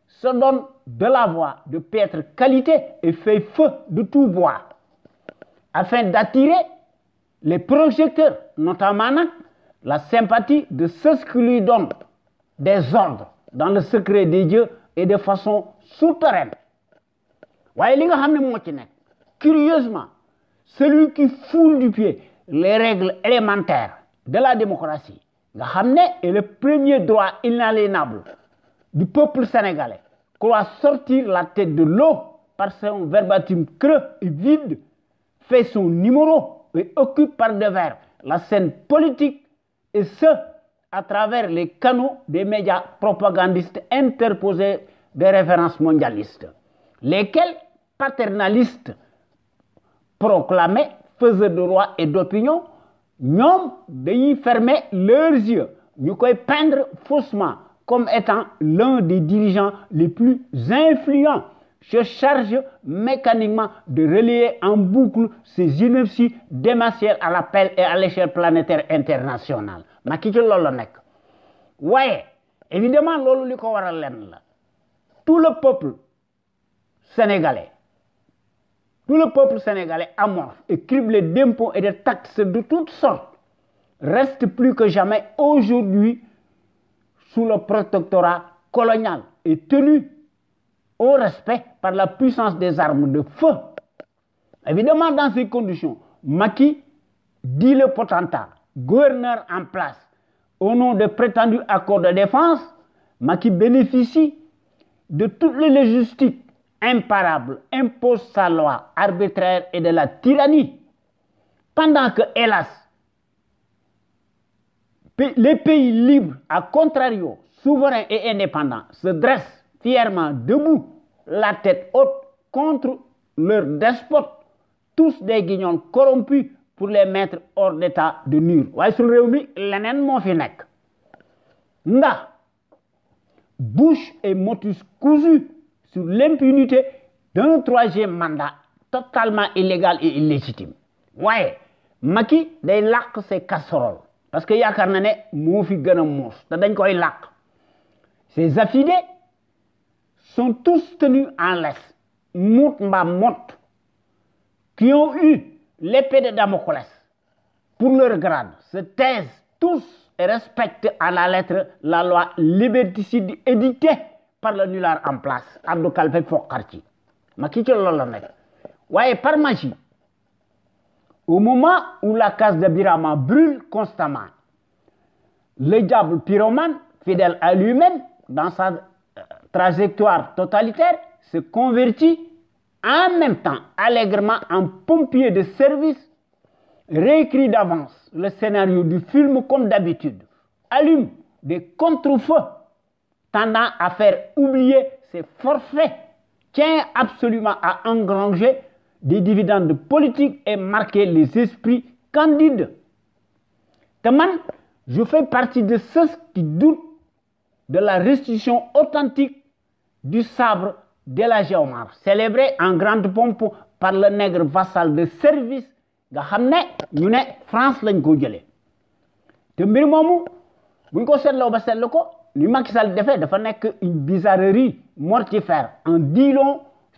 Speaker 1: se donne de la voix de piètre qualité et fait feu de tout bois, afin d'attirer les projecteurs, notamment la sympathie de ceux qui lui donnent des ordres dans le secret des dieux et de façon souterraine. Curieusement, celui qui foule du pied les règles élémentaires de la démocratie, est le premier droit inaliénable du peuple sénégalais croit sortir la tête de l'eau par son verbatim creux et vide, fait son numéro et occupe par devers la scène politique et ce, à travers les canaux des médias propagandistes interposés des références mondialistes, lesquels paternalistes proclamés faisaient de droit et d'opinion, n'ont de y fermer leurs yeux, nous peindre faussement comme étant l'un des dirigeants les plus influents se charge mécaniquement de relayer en boucle ces inerties démentielles à l'appel et à l'échelle planétaire internationale ma qui Lolo. évidemment lolo tout le peuple sénégalais tout le peuple sénégalais amorphe et criblé d'impôts et de taxes de toutes sortes reste plus que jamais aujourd'hui sous le protectorat colonial et tenu au respect par la puissance des armes de feu. Évidemment, dans ces conditions, Maki dit le potentat, gouverneur en place, au nom de prétendus accords de défense, Maki bénéficie de toutes les logistiques imparables, impose sa loi arbitraire et de la tyrannie. Pendant que, hélas, les pays libres, à contrario, souverains et indépendants, se dressent fièrement debout, la tête haute, contre leurs despotes, tous des guignols corrompus pour les mettre hors d'état de nuire. waaye suñu réew mi fi Bush et motus cousus sur l'impunité d'un troisième mandat totalement illégal et illégitime ouais Macky des lacs ses casseroles parce que y a ne moo fi gën a muus te dañ koy làq ces affidés sont tous tenus en laisse mut mba mot qui ont eu l'épée de Damoclès pour leur grade se taisent tous et respectent à la lettre la loi liberticide éditée par le nulard en place Abdou Kalpe Fokarci ma ki ci loolu la nekk waaye par magie au moment où la case de brûle constamment, le diable pyromane, fidèle à lui-même, dans sa euh, trajectoire totalitaire, se convertit en même temps allègrement en pompier de service, réécrit d'avance le scénario du film comme d'habitude, allume des contre-feux tendant à faire oublier ses forfaits, tient absolument à engranger des dividendes politiques et marquer les esprits candides. je fais partie de ceux qui doutent de la restitution authentique du sabre de la Géomar, célébré en grande pompe par le nègre vassal de service nga xam France lañ ko te mbir buñ ko une bizarrerie mortifère en dit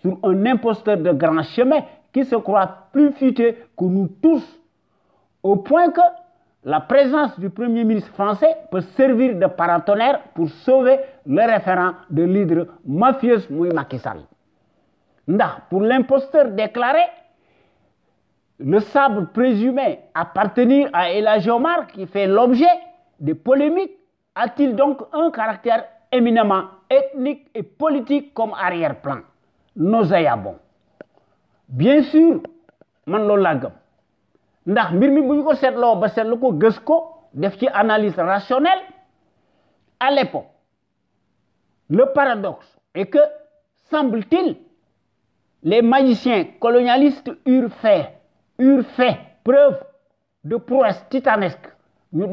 Speaker 1: sur un imposteur de grand chemin qui se croit plus futé que nous tous, au point que la présence du Premier ministre français peut servir de paratonnerre pour sauver le référent de l'hydre mafieuse Mouy Macky pour l'imposteur déclaré, le sabre présumé appartenir à Elijah Omar, qui fait l'objet des polémiques, a-t-il donc un caractère éminemment ethnique et politique comme arrière-plan nauséabond bien sûr man loolu la gëm ndax mbir mi bu ko seetloo ba ko ko def analyse rationnelle à l'époque le paradoxe est que semble-t-il les magiciens colonialistes eurent fait eurent fait preuve de prouesse titanesque ñu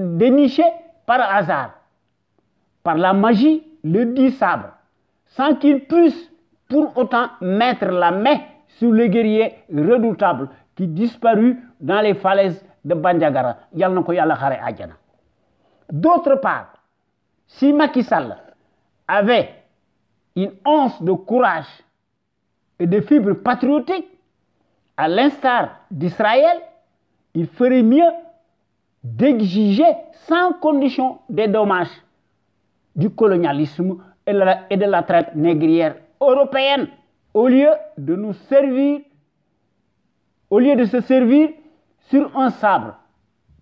Speaker 1: par hasard par la magie le dit sabre sans qu'ils puissent pour autant mettre la main sur le guerrier redoutable qui disparut dans les falaises de Bandiagara d'autre part si Macky Sall avait une once de courage et de fibres patriotiques, à l'instar d'Israël il ferait mieux d'exiger sans condition des dommages du colonialisme et de la traite négrière européenne, au lieu de nous servir, au lieu de se servir sur un sabre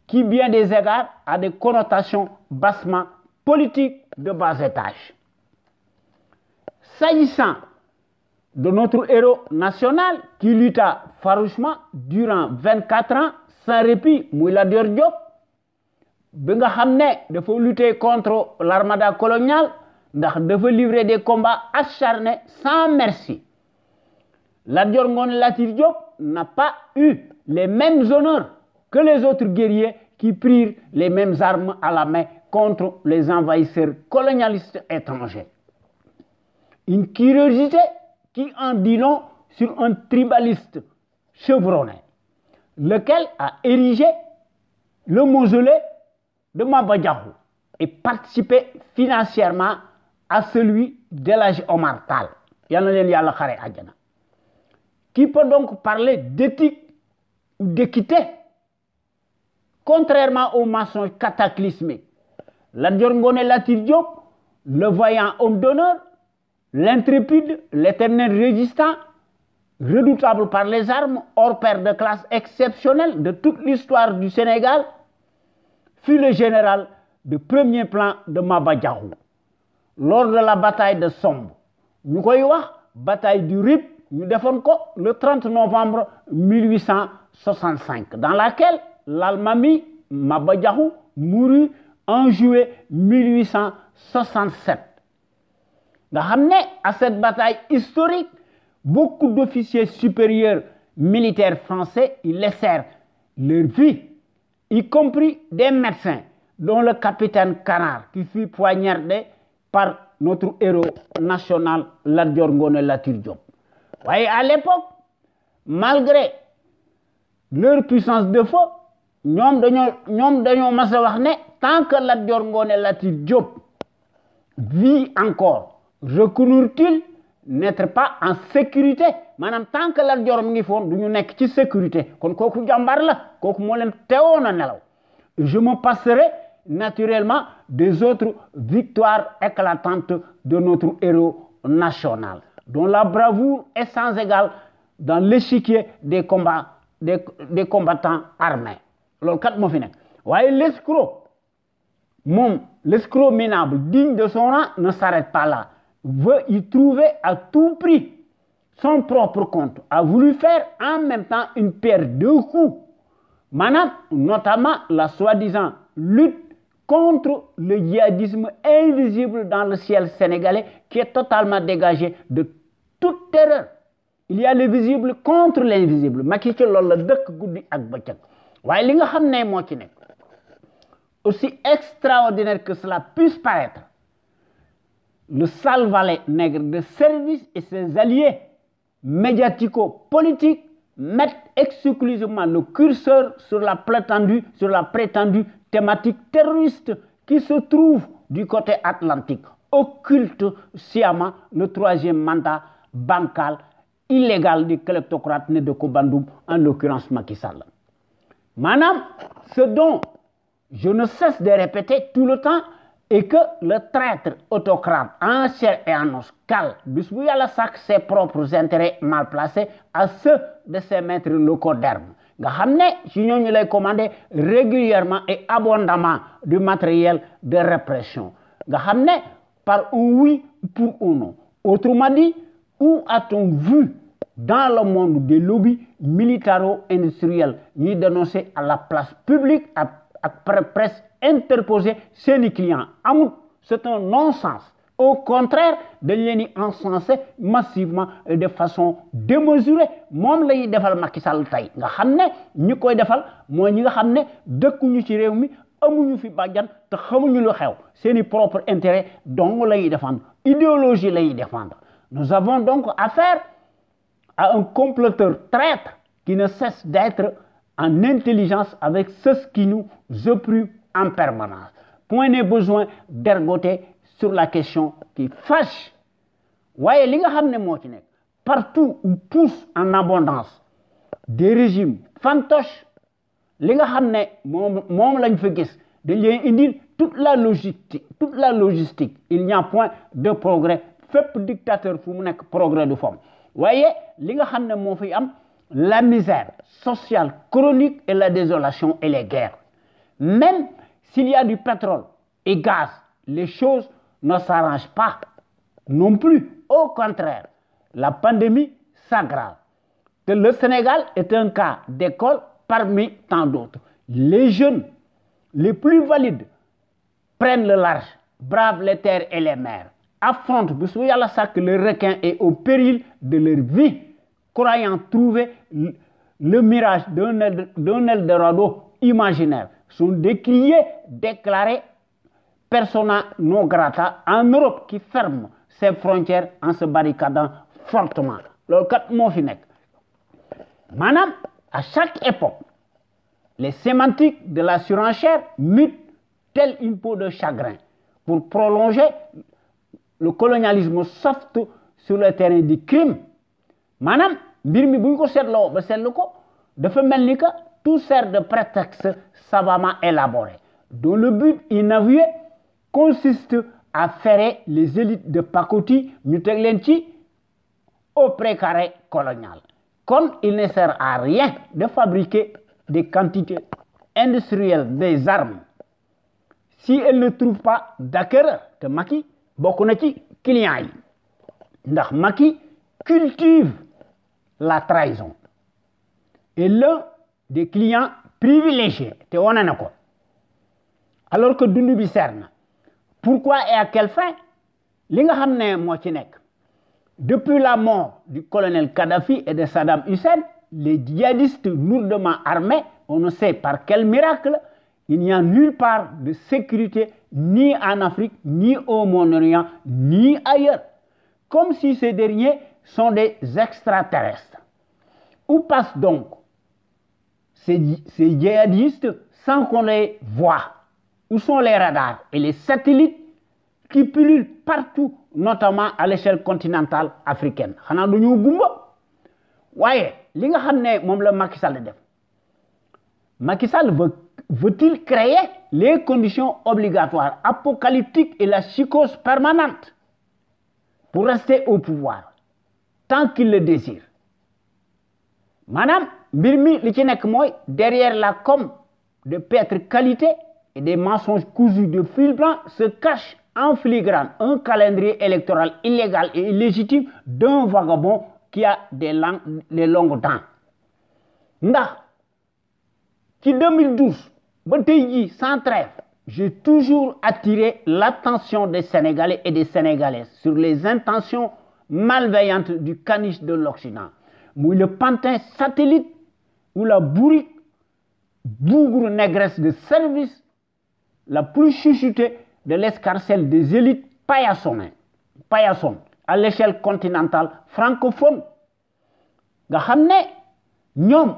Speaker 1: qui, bien des égards, a des connotations bassement politiques de bas étage. S'agissant de notre héros national qui lutta farouchement durant 24 ans sans répit, Mouila Diop, Benga Hamne, de faut lutter contre l'armada coloniale ndax livrer des combats acharnés sans merci La Dior Latir n'a pas eu les mêmes honneurs que les autres guerriers qui prirent les mêmes armes à la main contre les envahisseurs colonialistes étrangers. Une curiosité qui en dit long sur un tribaliste chevronné, lequel a érigé le mausolée de Mabadjahou et participé financièrement à celui de Omar Tal. Qui peut donc parler d'éthique ou d'équité Contrairement aux mensonges cataclysmiques, la le voyant homme d'honneur, l'intrépide, l'éternel résistant, redoutable par les armes, hors pair de classe exceptionnel de toute l'histoire du Sénégal, fut le général de premier plan de Mabadjahou lors de la bataille de Somme. Vous voyons la bataille du Rip ñu défendons, le 30 novembre 1865 dans laquelle l'Almami Mabadjahou mourut en juillet 1867 nga à cette bataille historique beaucoup d'officiers supérieurs militaires français y laissèrent leur vie y compris des médecins dont le capitaine Canard qui fut poignardé par notre héros national Ladjor Ngone Ngoné Diop à l'époque malgré leur puissance de feu nous, dañoo tant que Ladjor Ngone Ngoné Diop vit encore reconnurent ils n'être pas en sécurité Maintenant, tant que Lat Dior mi ngi sécurité je me passerai naturellement des autres victoires éclatantes de notre héros national, dont la bravoure est sans égale dans l'échiquier des, combats, des, combattants armés Le kat moo fi l'escroc l'escroc minable digne de son rang ne s'arrête pas là veut y trouver à tout prix son propre compte a voulu faire en même temps une paire de coups notamment la soi-disant lutte contre le djihadisme invisible dans le ciel sénégalais qui est totalement dégagé de toute terreur. Il y a le visible contre l'invisible. Macky ci aussi extraordinaire que cela puisse paraître le salvalet nègre de service et ses alliés médiatico-politiques mettent exclusivement le curseur sur la prétendue, sur la prétendue thématique terroriste qui se trouve du côté atlantique, occulte sciemment le troisième mandat bancal illégal du kleptocrate né de Kobandoum, en l'occurrence Macky Sall. Madame, ce dont je ne cesse de répéter tout le temps est que le traître autocrate en et en os cale sac ses propres intérêts mal placés à ceux de ses maîtres locaux d'armes nga xamné ci ñooñu commandé régulièrement et abondamment du matériel de répression nga xamné par un oui pour un non autrement dit où a-t-on vu dans le monde des lobbies militaro-industriels Nous dénoncer à la place publique à presse interposée ses clients c'est un non-sens au contraire, dañ leen encensé massivement de façon démesurée moom je suis defal Macky Sall Tay. nga xam ne ñi koy défal mooy ñi nga xam ne dëkkuñu ci réew mi amuñu fi bajjan te xamuñu lu xew seeni propre intérêt donc lay défendre idéologie lay défendre nous avons donc affaire à un comploteur traître qui ne cesse d'être en intelligence avec ce qui nous opprime en permanence point n'est besoin d'ergoter sur la question qui fâche Vous voyez, partout où pousse en abondance des régimes fantoches li nga toute la logistique toute la logistique il n'y a point de progrès pour dictateur vous mu progrès de forme Voyez, li la misère sociale chronique et la désolation et les guerres même s'il y a du pétrole et gaz les choses ne s'arrange pas non plus. Au contraire, la pandémie s'aggrave. Le Sénégal est un cas d'école parmi tant d'autres. Les jeunes, les plus valides, prennent le large, bravent les terres et les mers, affrontent le requin et au péril de leur vie, croyant trouver le mirage d'un Eldorado imaginaire, sont décriés, déclarés persona non grata en Europe qui ferme ses frontières en se barricadant fortement Le kat de fi Madame, à chaque époque les sémantiques de la surenchère mutent telle une peau de chagrin pour prolonger le colonialisme soft sur le terrain du crime Madame, Birmi mi c'est ko tout sert de prétexte savamment élaboré dont le but inavoué consiste à faire les élites de Pacoti, au précaré colonial comme il ne sert à rien de fabriquer des quantités industrielles des armes si elle ne trouve pas d'accueil de Maki, bokk ci clients cultive la trahison et l'un des clients privilégiés alors que Dundubi pourquoi et à quelle fin Les nga depuis la mort du colonel Kadhafi et de Saddam Hussein les djihadistes lourdement armés on ne sait par quel miracle il n'y a nulle part de sécurité ni en Afrique ni au Moyen-Orient ni ailleurs comme si ces derniers sont des extraterrestres où passent donc ces, ces djihadistes sans qu'on les voie où sont les radars et les satellites qui pullulent partout, notamment à l'échelle continentale africaine. xanaa gumba Waye, li nga Macky Macky veut il créer les conditions obligatoires apocalyptiques et la psychose permanente pour rester au pouvoir tant qu'il le désire Madame Birmi derrière la com de piètre qualité des mensonges cousus de fil blanc se cachent en filigrane un calendrier électoral illégal et illégitime d'un vagabond qui a des, longues dents Nda, qui 2012 ba sans trêve j'ai toujours attiré l'attention des Sénégalais et des Sénégalaises sur les intentions malveillantes du caniche de l'Occident le pantin satellite ou la bourrique bougre négresse de service la plus chuchotée de l'escarcelle des élites payassonnes, à l'échelle continentale francophone nga xamné ñom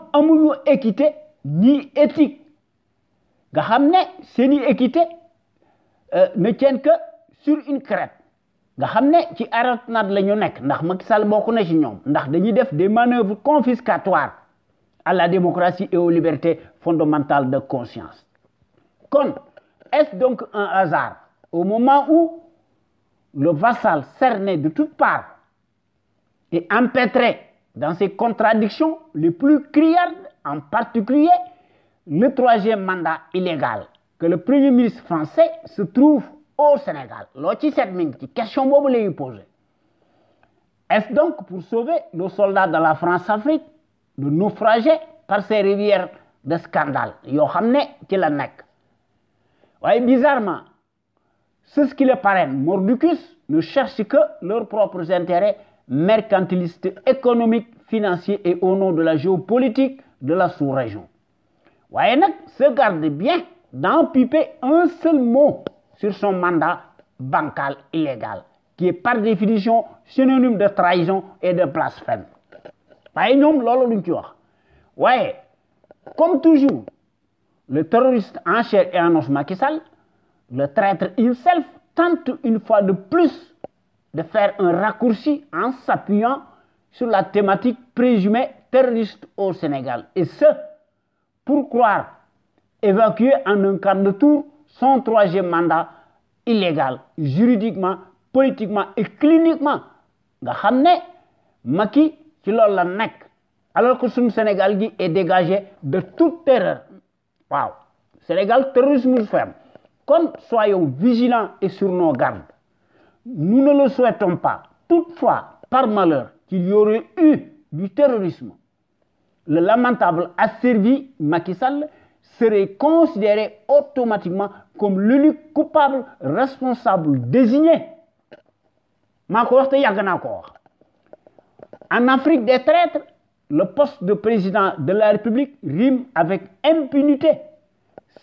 Speaker 1: équité ni éthique nga xamné une équité euh, ne tient que sur une crête nga xamné ci des manœuvres confiscatoires à la démocratie et aux libertés fondamentales de conscience est-ce donc un hasard Au moment où le vassal cerné de toutes parts et empêtré dans ses contradictions les plus criardes, en particulier le troisième mandat illégal que le Premier ministre français se trouve au Sénégal. L'autre question que vous poser. Est-ce donc pour sauver nos soldats de la France-Afrique de naufragés par ces rivières de scandale Yohanné xamné voyez, bizarrement ce qui le paraît Morducus ne cherche que leurs propres intérêts mercantilistes, économiques, financiers et au nom de la géopolitique de la sous-région. waaye se garde bien d'empiper un seul mot sur son mandat bancal illégal qui est par définition synonyme de trahison et de blasphème Vous voyez, comme toujours le terroriste en chair et en os le traître himself, tente une fois de plus de faire un raccourci en s'appuyant sur la thématique présumée terroriste au Sénégal. Et ce, pour croire évacuer en un quart de tour son troisième mandat illégal, juridiquement, politiquement et cliniquement. alors que son Sénégal est dégagé de toute terreur Waouh Sénégal terrorisme ferme comme soyons vigilants et sur nos gardes nous ne le souhaitons pas toutefois par malheur qu'il y aurait eu du terrorisme le lamentable asservi Macky Sall serait considéré automatiquement comme l'unique coupable responsable désigné maa en Afrique des traîtres le poste de président de la République rime avec impunité.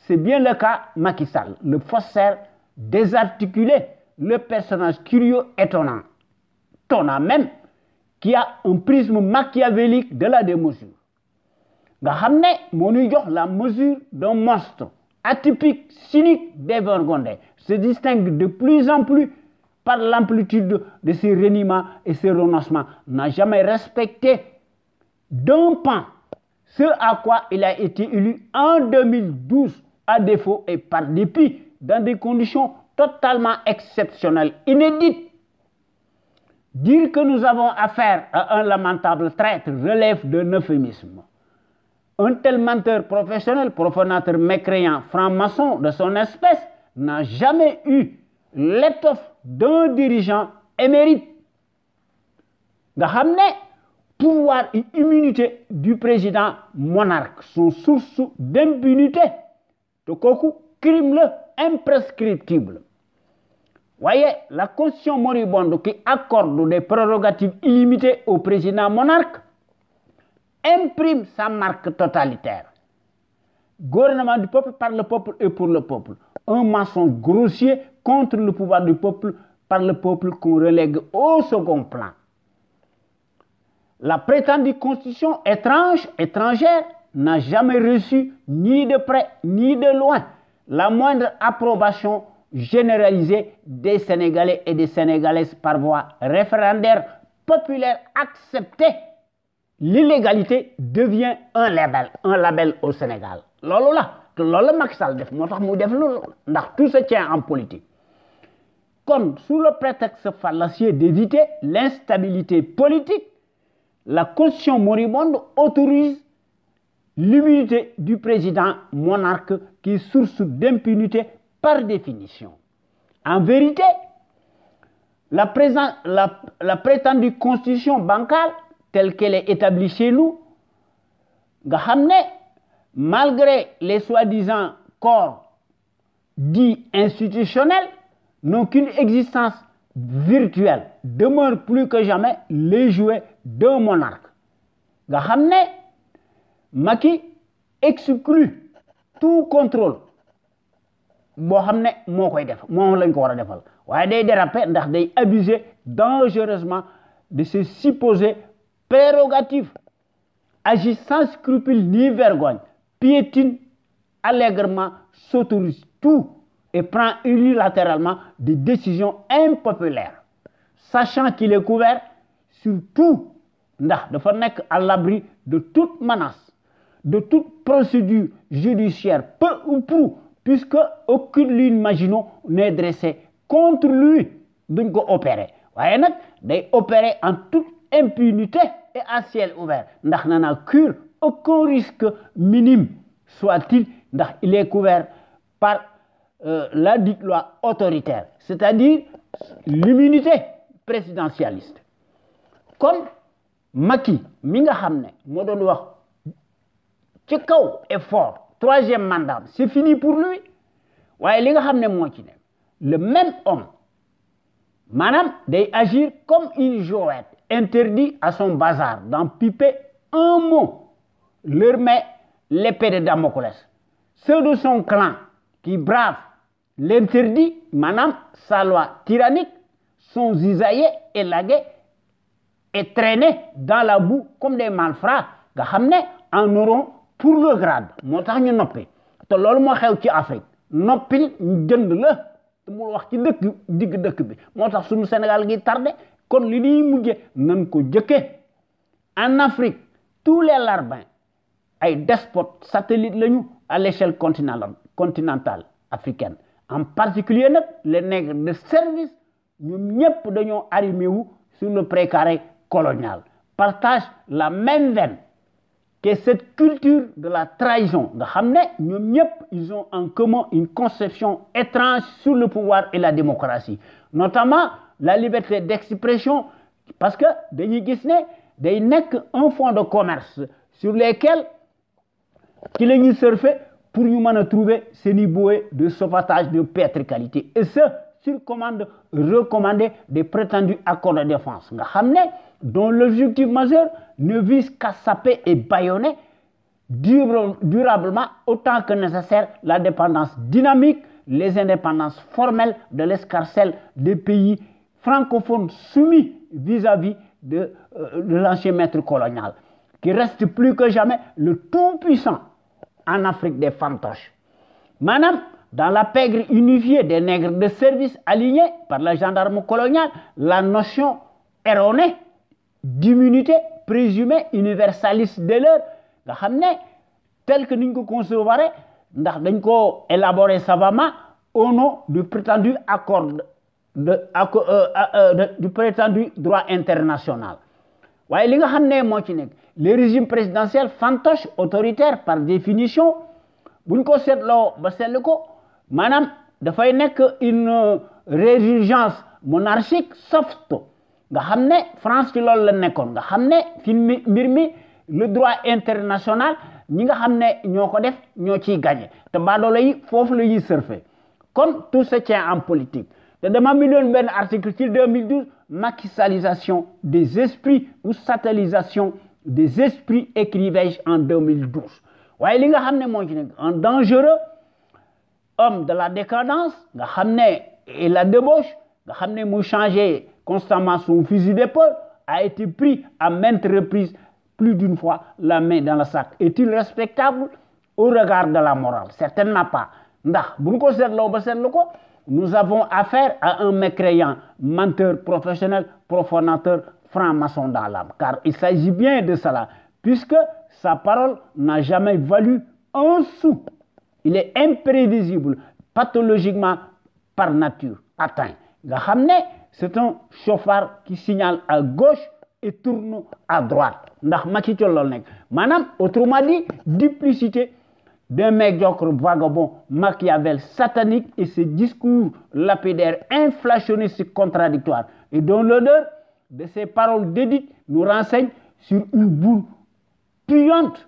Speaker 1: C'est bien le cas Macky Sall, le faussaire désarticulé, le personnage curieux étonnant, tonnant même, qui a un prisme machiavélique de la démesure. nga ne la mesure d'un monstre atypique cynique dévergondé se distingue de plus en plus par l'amplitude de ses reniements et ses renoncements n'a jamais respecté d'un pan ce à quoi il a été élu en 2012 à défaut et par dépit dans des conditions totalement exceptionnelles, inédites. Dire que nous avons affaire à un lamentable traître relève d'un euphémisme. Un tel menteur professionnel, profanateur mécréant, franc-maçon de son espèce, n'a jamais eu l'étoffe d'un dirigeant émérite pouvoir et immunité du président monarque sont source d'impunité. Donc, crime le imprescriptible. Voyez, la constitution moribonde qui accorde des prérogatives illimitées au président monarque imprime sa marque totalitaire. Gouvernement du peuple par le peuple et pour le peuple. Un maçon grossier contre le pouvoir du peuple par le peuple qu'on relègue au second plan. La prétendue constitution étrange, étrangère n'a jamais reçu ni de près ni de loin la moindre approbation généralisée des Sénégalais et des Sénégalaises par voie référendaire populaire acceptée. L'illégalité devient un label, un label au Sénégal. Lolo là, lolo Maxal def, tout se tient en politique. Comme sous le prétexte fallacieux d'éviter l'instabilité politique, la constitution moribonde autorise l'immunité du président monarque qui est source d'impunité par définition. En vérité, la, prétendue constitution bancale telle qu'elle est établie chez nous, malgré les soi-disant corps dits institutionnels, n'ont qu'une existence virtuelle, demeure plus que jamais les jouets deux monarques nga xamné exclut tout contrôle Bo xamné ne koy def lañ ko defal déraper abuser dangereusement de ses supposées prérogatives agit sans scrupule ni vergogne piétine allègrement s'autorise tout et prend unilatéralement des décisions impopulaires sachant qu'il est couvert sur tout ndax dafa nekk à l'abri de toute menace de toute procédure judiciaire peu ou prou puisque aucune ligne Maginot n'est dressée contre lui duñ ko opérer waaye nag day opérer en toute impunité et à ciel ouvert ndax nana cure aucun risque minime soit-il il est couvert par euh, la loi autoritaire c'est-à-dire l'immunité présidentialiste comme Maki, mi nga xam mo wax effort troisième mandat c'est fini pour lui waye li nga le même homme Manam, day agir comme une jouette, interdit à son bazar d'en piper un mot leur met l'épée de Damoclès ceux de son clan qui bravent l'interdit Manam, sa loi tyrannique sont isaïe et lagués et traîner dans la boue comme des malfrats nga xam en auront pour le grade moo tax ñu noppi te loolu moo xew ci Afrique noppi ñu jënd la te mu wax ci dëkk digg dëkk bi moo suñu Sénégal gi tardé kon li ñuy mujje nan ko jëkke en Afrique tous les larbins ay despotes satellites lañu à l'échelle continentale continentale africaine en particulier les nègres de service ñoom ñëpp dañoo arrimé wu sur le précaré coloniale partagent la même veine que cette culture de la trahison. ils ont en commun une conception étrange sur le pouvoir et la démocratie notamment la liberté d'expression parce que dañuy gis qu'un un fonds de commerce sur lesquels qu'il ont surfé pour trouver ces bouée de sauvetage de piètre qualité et ce sur commande recommandée des prétendus accords de défense nga xam dont l'objectif majeur ne vise qu'à saper et baïonner durablement autant que nécessaire la dépendance dynamique, les indépendances formelles de l'escarcelle des pays francophones soumis vis-à-vis de, euh, l'ancien maître colonial, qui reste plus que jamais le tout-puissant en Afrique des fantoches. Madame, dans la pègre unifiée des nègres de service alignés par la gendarme coloniale, la notion erronée d'immunité présumée universaliste de l'heure tel que nous ko nous ndax dañ savamment au nom du prétendu accord de euh, euh, euh, du prétendu droit international Vous li nga xam ne ci nekk les régimes présidentiels fantoches autoritaires par définition buñ ko seetloo ba seetlu ko maanaam dafay que une résurgence monarchique soft nga xamné France ci loolu la nekkoon nga xamné fi le droit international ñi nga xamné ne ñoo ko def ñoo ciy gagné te baadoolo yi foofu la ñuy surfer kon tout se tient en politique te dama bindoon un article ci 2012 maquisalisation des esprits ou satellisation des esprits écrivais en 2012 waye li nga xamné mo ci un dangereux homme de la décadence nga xamné et la débauche nga xamné mu changé constamment son fusil d'épaule, a été pris à maintes reprises, plus d'une fois, la main dans le sac. Est-il respectable au regard de la morale Certainement pas. Nous avons affaire à un mécréant, menteur professionnel, profanateur, franc-maçon dans l'âme. Car il s'agit bien de cela, puisque sa parole n'a jamais valu un sou. Il est imprévisible, pathologiquement, par nature, atteint c'est un chauffard qui signale à gauche et tourne à droite Madame, autrement dit duplicité d'un médiocre vagabond machiavel satanique et ses discours lapidaires inflationnistes contradictoires et dont l'odeur de ses paroles dédites nous renseigne sur une boule puante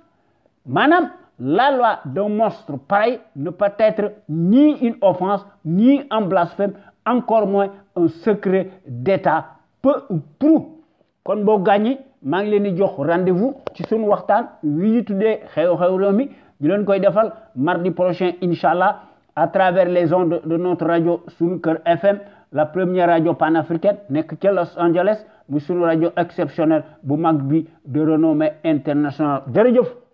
Speaker 1: Madame, la loi d'un monstre pareil ne peut être ni une offense ni un blasphème encore moins un secret d'État peu ou prou Quand vous gagnez, maa ngi leen rendez-vous ci suñu waxtaan wi ñu tuddee xew-xew réew mi ñu koy defal mardi prochain Inch'Allah, à travers les ondes de notre radio suñu FM la première radio panafricaine qui est Los Angeles mu une radio exceptionnelle bu mag bi de renommée internationale Dérivez-vous?